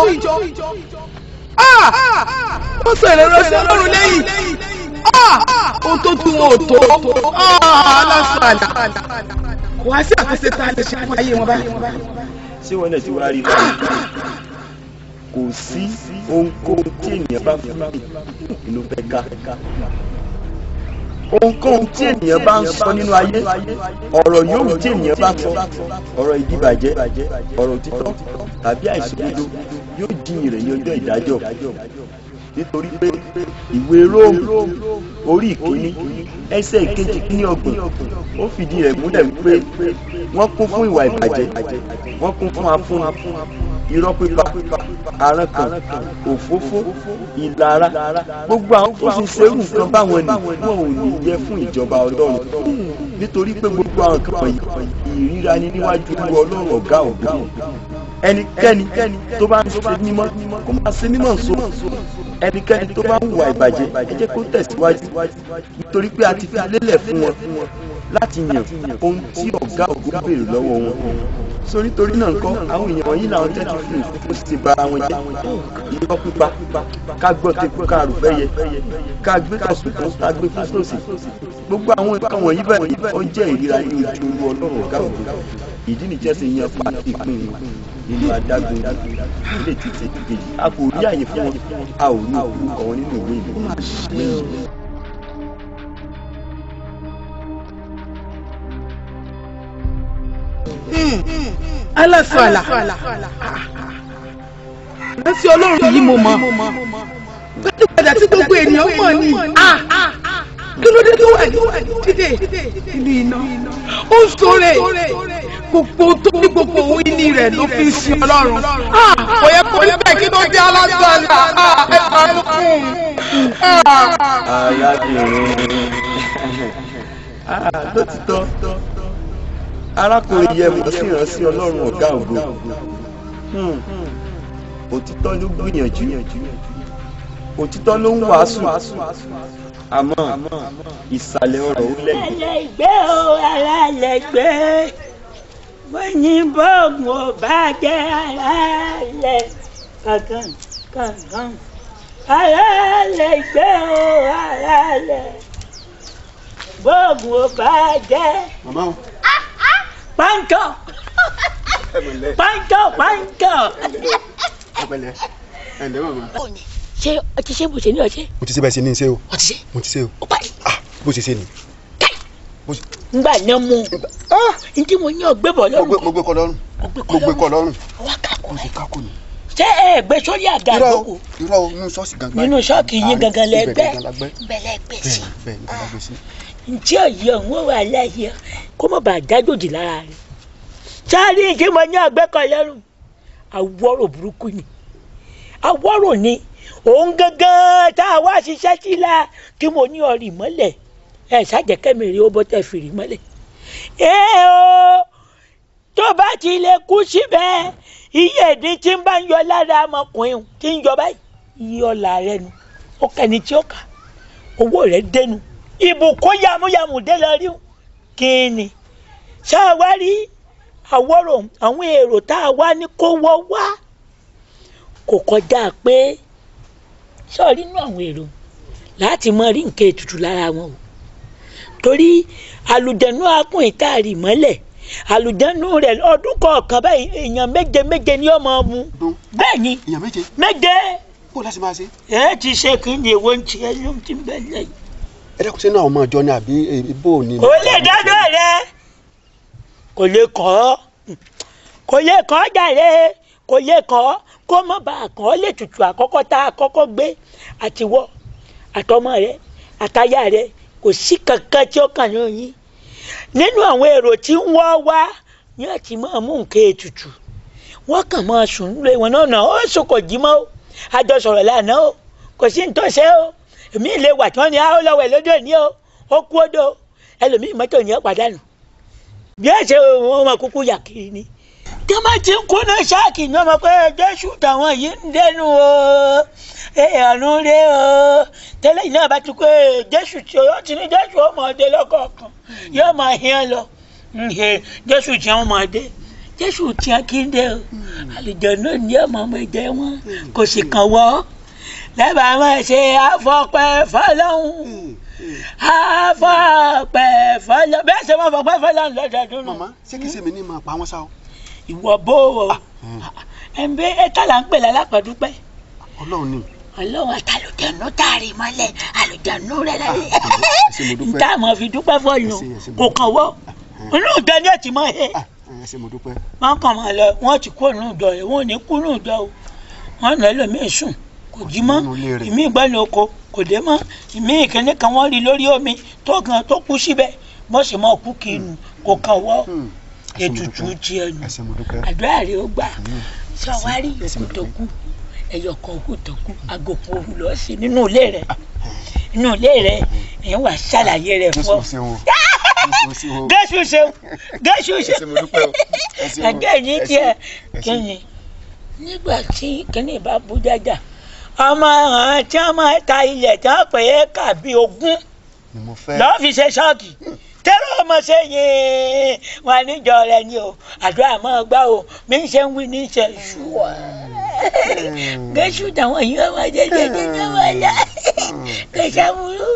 ó sọ̀rọ̀ ránṣẹ́ lọ́rùn lẹ́yìn ó tó tún wọn ò tó aláṣàlà kò wá sí àtúnṣe tá a lè ṣe fún ayé wọn báyìí. ṣé wọn lè ti wá rí i lọ kò sí ohunkóhun tí ènìyàn bá fi mí inú fẹ́ ká ohunkóhun tí ènìyàn bá ń sọ nínú ayé ọ̀rọ̀ yòówù tí ènìyàn bá sọ ọ̀rọ̀ ìdíbàjẹ́ ọ̀rọ̀ òtítọ́ tàbí àìsòdodo yóò di ìrè ní ọjọ́ ìdájọ́ nítorí pé ìwé róòmù orí ìkíní ẹsẹ̀ ìkejì kíní ọgbọ̀n ó fìdí rẹ̀ múlẹ̀ wípé wọ́n kún fún ìwà ìbàjẹ́ wọ́n kún fún afún irọ́ pípa aràn kan òfófó ìlara gbogbo àwọn tó sì ṣerú nǹkan báwọn ni wọn ò ní yẹ fún ìjọba ọlọ́run nítorí pé gbogbo àwọn kan wọ̀nyí ìríra ni níwájú ọlọ́run ọ̀gá ọ̀gá ẹnikẹ́ni tó bá ń ṣe mímọ́ kó máa ṣe mímọ́ nso ẹnikẹ́ni tó bá ń wà ìbàjẹ́ ẹ jẹ́ kó tẹ̀síwájú nítorí pé a ti fi lélẹ̀ fún wọn láti yàn ohun tí ọ̀gá ògùn béèrè lọ́wọ́ wọn so nítorí náà ńkọ́ àwọn èèyàn wọ̀nyí làwọn tẹ́tí fún ìfowó sí bara wọn jẹ́ irọ́ pípa ká gbọ́ tẹ́kù ká rò fẹ́ yẹ ká gbé kọ̀sùn kan ká gbé fún sòsì gbogbo àwọn nǹkan wọ̀nyí báyìí ó jẹ́ ìríra ní ojú olú ọlọ́run ọ̀gá ògùn ìdí nìjẹ́ sì yan pàtàkì pín nínú adágún ilé títí kejì a kò rí àyè fún wọn a ò ní orúkọ wọn alásùàlà rántí ọlọ́run yìí mo mọ̀ gbẹ́dúgbẹ́dà tí gbogbo ènìyàn mọ̀ ni ah, ah, ah. kí ló dé tó wà dídè inú iná ó ń sọ̀rọ̀ gbogbo tó ní gbogbo owó ìní rẹ̀ ló fi ń sin ọlọ́run kò yẹ kó níbẹ̀ kí ló dé alásùàlà ẹ pàánù fún un. ayájìrín ló ti tọ́ arákùnrin yẹ mọ̀ sí ìránṣẹ́ ọlọ́run ọ̀gá ògo hmm. òtítọ́ ló gbìyànjú òtítọ́ ló ń wàásù àmọ́ ìsàlẹ̀ ọ̀rọ̀ ó lẹ́yìn. ẹlẹgbẹ́ o alálẹ̀gbẹ́ wọ́n ní bọ́ọ̀gù ò bá jẹ́ alálẹ̀ kankan kankan alálẹ̀gbẹ́ o alálẹ̀ bọ́ọ̀gù ò bá jẹ́ pánkọ pánkọ pánkọ. ṣé o ti ṣe bó ṣe ní ọṣẹ. mo ti ṣe bá ṣe ní ṣe o. o ti ṣe. mo ti ṣe o. o parí. ah bó ṣe ṣe ni. ngbà náà mu ah, n tí mo ní ọgbẹ́ bọ̀ lọ́rùn. mo gbé kọ lọ́rùn. mo gbé kọ lọ́rùn. ọwọ́ kakọ rẹ. mo ti kakọ ni ṣé ẹ gbé sórí àga àgbòkù. irọ́ nínú ṣọ́ọ̀ṣì gangan. nínú ṣọ́ọ̀kì yín ah, gangan lẹ gbẹ́. bẹ́ẹ̀ lẹ gbẹ́ sí. bẹ́ẹ̀ ni bẹ́ẹ̀ ni bẹ́ẹ̀ sí ntí òye ọ̀hún wà láyé kó má bàa dájòjì lára rẹ̀ sáré ìdí mo ní àgbẹ́kọ̀ lẹ́rùn àwọ̀rò burúkú ni àwọ̀rò ni òun gangan tá a wá ṣiṣẹ́ sí la kí mo ní ọrì mọ́lẹ̀ ẹ̀ ṣàjẹ́kẹ́mìrì ó bọ́ tẹ̀ fìrì mọ́lẹ̀ ẹ o tó bá ti lè kú síbẹ̀ iye ìdí tí ń bá ń yọ lára ọmọkùnrin tí ń yọ báyìí iye ọ̀la rẹ nu ó kẹ́ni tí ó kà owó rẹ̀ dénú ìbùkún yàmúyàmù dé lọ rí kíni ṣáàwárí àwòrò àwọn èrò tá a wá ní kó wọ́ wá kò kọjá pé sọ̀rí inú àwọn èrò láti mọ rí nǹkan ètùtù lára wọn o torí àlùjẹ̀nú akùn ìtaàrí mọ́lẹ̀ àlùjẹ̀nú rẹ̀ ọdún kọ̀ọ̀kan báyìí èèyàn méje méje ni ó máa mu bẹ́ẹ̀ ni méje. kó láti máa ṣe. ẹ ti ṣe kí ni èwo ń ṣe ẹ ló ń ti bẹ́ẹ̀ lẹ́yìn ẹ dẹ́kun sínú àwọn ọmọ ìjọ ni àbí ibo ni. kò lè dọ́dọ̀ rẹ kò lè kọ́ kò lè kọ́ jàre kò lè kọ́ kó mọ̀ bá a kàn ọ́ lè tutù àkọ́kọ́ tá a kọ́kọ́ gbé àtiwọ́ àtọmọ rẹ àtayá rẹ kò sí kankan tí ó kàn yín yín nínú àwọn èrò tí ń wọ́ wá ní àti máa mú nǹkan ètùtù wọ́n kàn máa sùn lé wọn náà náà ó sùn kò jí àjọsọ̀rọ̀ lánàá o kò sí nítòsẹ́ o èmi ìlé wà tí wọ́n ní àwọn ah, lọ́wọ́ ẹ̀ lójú ẹ̀ ní o ó kú odò ẹlòmíì mọ́tò ní ọ̀pàdánù bí ẹ ṣe wọn máa kúkú yà kiri ni. tí wọ́n bá ti ń kú ṣáàkì ní ọmọ pé jésù tàwọn yìí ń dẹnu o ẹ̀ẹ̀nù rẹ o tẹ́lẹ̀ yìí náà bá ti pé jésù tí ó ti ní jésù ó lọ́kọ̀ọ̀kan yóò máa hìyàn lọ jésù tí wọ́n máa dé jésù tí wọ́n kí ń dé o hmm. àlùjọ náà ní ọmọ ọmọ ìjẹ wọn kò sì kàn wọ́ lẹ́bàá máa ṣe àfọpẹ́ fọlọ́hún àfọpẹ́ hmm. fọlọ́hún bẹ́ẹ̀ ṣe máa fọpẹ́ fọlọ́hún lọ́dọọdún. màmá ṣé kìí ṣe mi ní máa pa wọn ṣá ìwọ bó o ẹ ń bẹ ń pè lálápàdúpẹ́. ọlọ́run ni ọlọ́run àtàlùjẹ̀nu tààrí mọ́lẹ̀ àlùjẹ̀nu rẹ̀ lẹ́yìn níta àmọ́ fi dúpẹ́ fọ́ọ̀lù kò kàn wọ́ olóòjọ ah, ni ah, ẹ ti mọ ẹ. wọ́n kàn máa lọ wọ́n ti kó òórùn dọ̀ ẹ̀ wọ́n ò ní kúrùn dọ̀ ọ́ wọ́n nà ẹ́ lómi sùn kò jí mọ́ ìmí ìgbàlẹ̀ oko kò dé mọ́ ìmí ìkẹ́ni kan wọ́n rí lórí omi tọ́gàn tó kú síbẹ̀ bọ́sì mọ́ kú kinu kò kàn wọ́ hmm. ètùtù tiẹ̀ nù àdúrà rẹ̀ ó gbà sọ wá rí yòókù tó kù ẹyọ kan òkú tó kú agòkú òwú lọ sí nínú ilé rẹ inú ilé rẹ èèyàn wà ṣàlàyé rẹ fún ọ gẹ́sù ṣeun gẹ́sù ṣeun ẹgẹ́ yìí tiẹ̀ kẹ́yìn nígbà tí kẹ́yìn bá bú jájà ọmọ ọ̀hún tí wọ́n máa ta ilẹ̀ tí wọ́n pè é kàbí ogún lọ́ọ́ fi ṣe ṣọ́ọ̀kì tẹ́rọ ọmọ ṣe yẹn wọn níjọ rẹ ni o àdúrà mọ́ ọ gbá o mi ń ṣe ń wí ní ṣe ṣù wá hmm. gẹ̀ẹ́sù táwọn yìí wọ́n máa jẹ́jẹ́ jẹ́jẹ́ wọ́n yá gẹ̀ẹ́sà múlú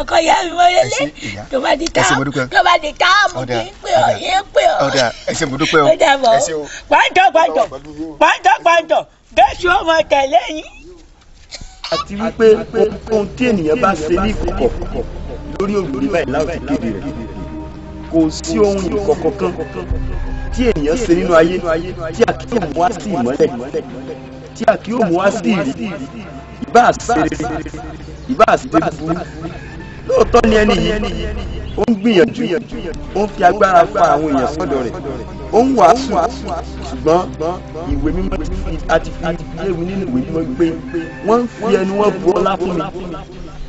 ọkọ ìyá mi wọ́n lélẹ̀ tó bá di táàmù tó bá di táàmù kì í pè ọ́ yé pè ọ́ ọ̀dà ẹsẹ̀ mo o pàǹtọ̀ pàǹtọ̀ pàǹtọ̀ pàǹtọ̀ gẹ̀ẹ́sù ọmọ tẹ̀lé yìí àti wípé ohun tí ènìyàn bá ṣe ní ìkọ̀kọ̀ lórí òrùlé báyìí láwùjọ kéde rẹ̀ kò sí ohun ìkọ̀kọ̀ kan tí ènìyàn ṣe nínú ayé tí a kì yóò mú wá sí ìmọ́lẹ̀ tí a kì yóò mú wá sí ìrí ìbá àṣeré ìbá àṣeré burú lóòótọ́ ni ẹni yìí ó ń gbìyànjú ó ń fi agbára fa àwọn èèyàn sọ́dọ̀ rẹ̀ ó ń wàásù ṣùgbọ́n ìwé mímọ́ àti fi léwu nínú ìwé mímọ́ pé wọ́n ń fi ẹnu wọn bu ọlá fún mi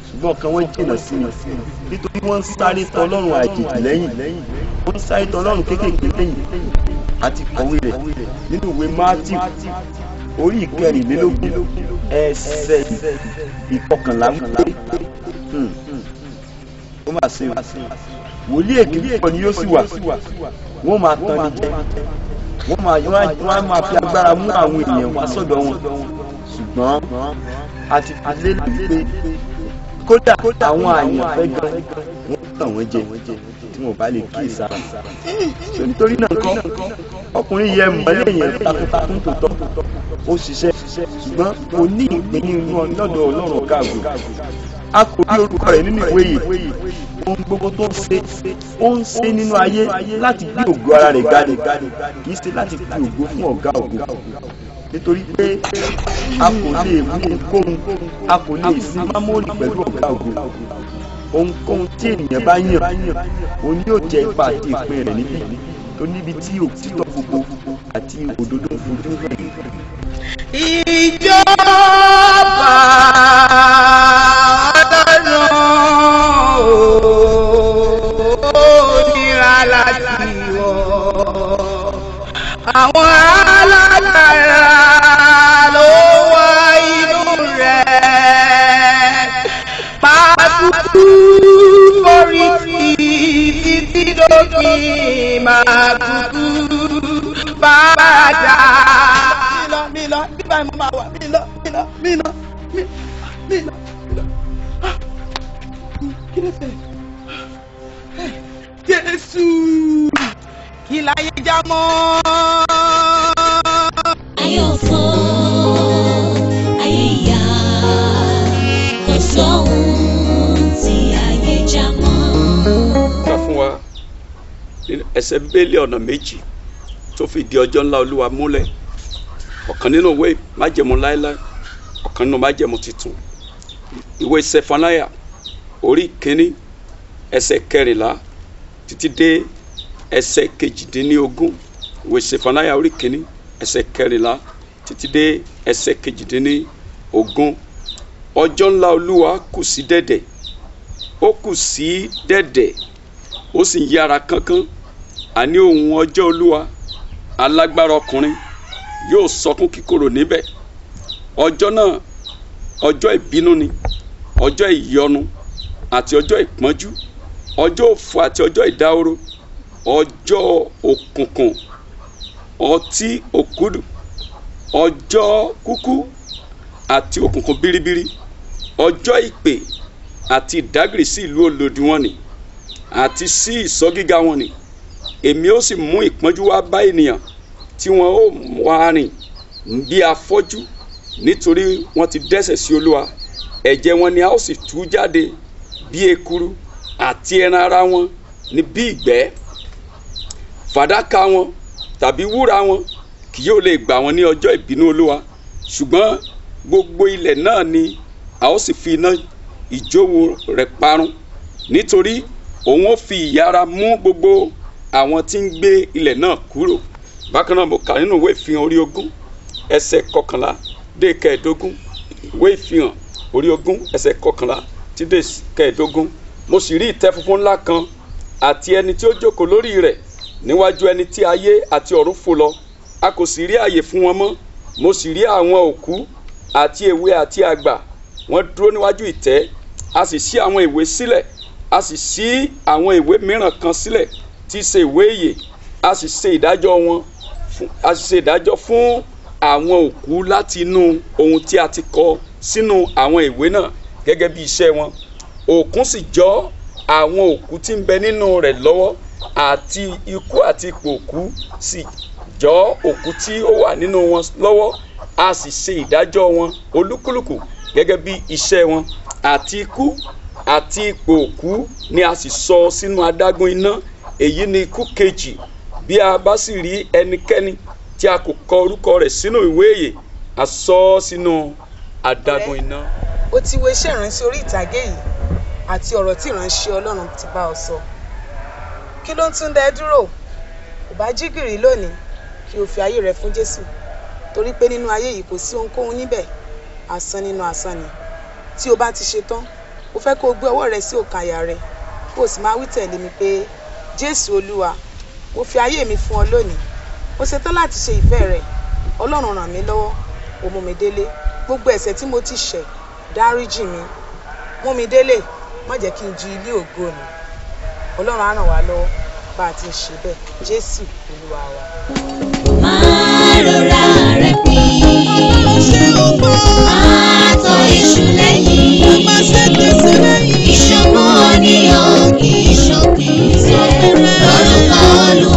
ṣùgbọ́n ọkàn wọn jìnnà sí mi nítorí wọ́n ń sáré tọ ọlọ́run àjèjì lẹ́yìn wọ́n ń sáré tọ ọlọ́run kéékèèké lẹ́yìn àti kọ̀wé rẹ̀ nínú ìwé Mátíù orí ìkẹrìnlélógún ẹsẹ̀ ìkọkànlá wípé hmm. ó mà ṣe wòlíì èkìtì kan ni yóò sì wà wọ́n máa tán ni jẹ wọ́n máa wọ́n máa fi agbára mú àwọn èèyàn wá sọ́dọ̀ wọn ṣùgbọ́n a ti fi lé pé kódà àwọn àyànfẹ́ gan wọ́n tàn wọ́n jẹ tí wọn bá lè kí ìsára nítorí náà kọ́ ọkùnrin yẹ mọ́lẹ̀ yẹn takuntakun tó tọ́ ó ṣiṣẹ́ ṣùgbọ́n kò ní ìpín nínú lọ́dọ̀ ọlọ́run káàgò a kò rí orúkọ rẹ̀ nínú ìwé yìí ohun gbogbo tó ń ṣe ó ń ṣe nínú ayé láti gbé ògo ara rẹ̀ ga kì í ṣe láti fi ògo fún ọ̀gá ògo nítorí pé a kò lè mú kóhun a kò lè sí mámóòlì pẹ̀lú ọ̀gá ògo ohunkóhun tí ènìyàn bá yàn òun yóò jẹ ipa àti ìpín rẹ̀ níbí tó níbi tí òtítọ́ gbogbo àti òdodo fojú hàn. ìjọba ó nira láti wọ̀ àwọn alágbára ló wọ inú rẹ̀ pàtùkù forí títí lópin máa tutù bàbá dá. mi lọ mi lọ bí báyìí mo máa wà mi lọ mi lọ mi lọ. Jésù kí láyé já mọ́. Ayé òfò, ayé ìyá, kò sóhun tí ayé já mọ́. Wá fún wa ẹsẹ̀ bíbélì ọ̀nà méjì tó fi di ọjọ́ ńlá Olúwa múlẹ̀ ọ̀kan nínú ìwé májẹ̀mú láéláé ọ̀kan nínú májẹ̀mú tuntun ìwé Sefanaya orí kínní ẹsẹ̀ kẹrìnlá títí dé ẹsẹ̀ kejìdínlógún ìwé sefanaya orí kínní ẹsẹ̀ kẹrìnlá títí dé ẹsẹ̀ kejìdínlógún ọjọ́ ńlá olúwa kù sí dẹ̀dẹ̀ ó kù sí dẹ̀dẹ̀ ó sì ń yára kánkán àní òun ọjọ́ olúwa alágbára ọkùnrin yóò sọkún kíkorò níbẹ̀ ọjọ́ náà ọjọ́ ìbínú ni ọjọ́ ìyọnu àti ọjọ́ ìpọ́njú ọjọ́ òfò àti ọjọ́ ìdáhoro ọjọ́ òkùnkùn ọtí òkúdù ọjọ́ kúkú àti òkùnkùn biribiri ọjọ́ ìpè àti ìdágìrì sí ìlú olòdì wọn ni àti sí ìsọ gíga wọn ni èmi ó sì mú ìpọ́njú wá bá ènìyàn tí wọn ó wá rìn bí afọ́jú nítorí wọ́n ti dẹ́ṣẹ̀ sí olúwa ẹ̀jẹ̀ wọn ni a ó sì tú jáde bí ekuru àti ẹran ara wọn ní bí ìgbẹ́ fàdákà wọn tàbí wúrà wọn kì yóò lè gbà wọn ní ọjọ́ ìbínú olúwa ṣùgbọ́n gbogbo ilẹ̀ náà ni a ó sì fi iná ìjówó rẹ̀ parun nítorí òun ó fi ìyára mú gbogbo àwọn tí ń gbé ilẹ̀ náà kúrò bákan náà mo kà nínú ìwé ìfihàn orí ogún ẹsẹ̀ kọkànlá dé kẹẹ̀ẹ́dógún ìwé ìfihàn orí ogún ẹsẹ̀ kọkànlá títí kẹẹ̀dógún mo sì rí ìtẹ́ funfun ńlá kan àti ẹni tí ó jókòó lórí rẹ̀ níwájú ẹni tí ayé àti ọ̀run fò lọ a kò sì rí àyè fún wọn mọ́ mo sì rí àwọn òkú àti èwe àti àgbà wọ́n dúró níwájú ìtẹ́ a sì ṣí àwọn ìwé sílẹ̀ a sì ṣí àwọn ìwé mìíràn kan sílẹ̀ tí í ṣe ìwé ìyè a sì ṣe ìdájọ́ wọn a sì ṣe ìdájọ́ fún àwọn òkú láti inú ohun tí a ti kọ sínú àwọn ìwé náà gẹ́gẹ́ bí iṣẹ́ wọn òkun sì jọ àwọn òkú tí ń bẹ nínú rẹ̀ lọ́wọ́ àti ikú àti ipò òkú sì jọ òkú tí ó wà nínú wọn lọ́wọ́ a sì ṣe ìdájọ́ wọn olúkúlùkù gẹ́gẹ́ bí iṣẹ́ wọn àti ikú àti ipò ni a sì sọ sínú adágún iná èyí ni ikú kejì bí a bá sì rí ẹnikẹ́ni tí a kò kọ orúkọ rẹ̀ sínú ìwé ìyè a sọ ọ́ sínú adágún iná ó ti wo iṣẹ́ ìránṣẹ́ orí ìtàgé yìí àti ọ̀rọ̀ tí ìránṣẹ́ ọlọ́run ti bá ọ sọ kí ló ń tún dá dúró kò bá jí lónìí kí o fi ayé rẹ fún jésù torí pé nínú ayé yìí kò sí ohunkóhun níbẹ̀ asán nínú asán ni tí o bá ti ṣe tán o fẹ́ kó o gbé ọwọ́ rẹ sí òkà àyà rẹ kó o sì máa wí tẹ̀lé mi pé jésù olúwa mo fi ayé mi fún ọ lónìí mo ṣetán láti ṣe ìfẹ́ rẹ ọlọ́run ràn mí lọ́wọ́ ó délé gbogbo ẹ̀ṣẹ̀ tí mo ti ṣẹ̀ dáríjì mi mú mi délé má jẹ́ kí n ju ilé ògo nù ọlọ́run á ràn wá lọ́wọ́ bá a ti ń ṣe bẹ́ẹ̀ jésù olúwa wa. má rọra rẹ pín àtọ iṣu lẹ́yìn ìṣọ̀kan ni ó kì í lọ́dún kan lù.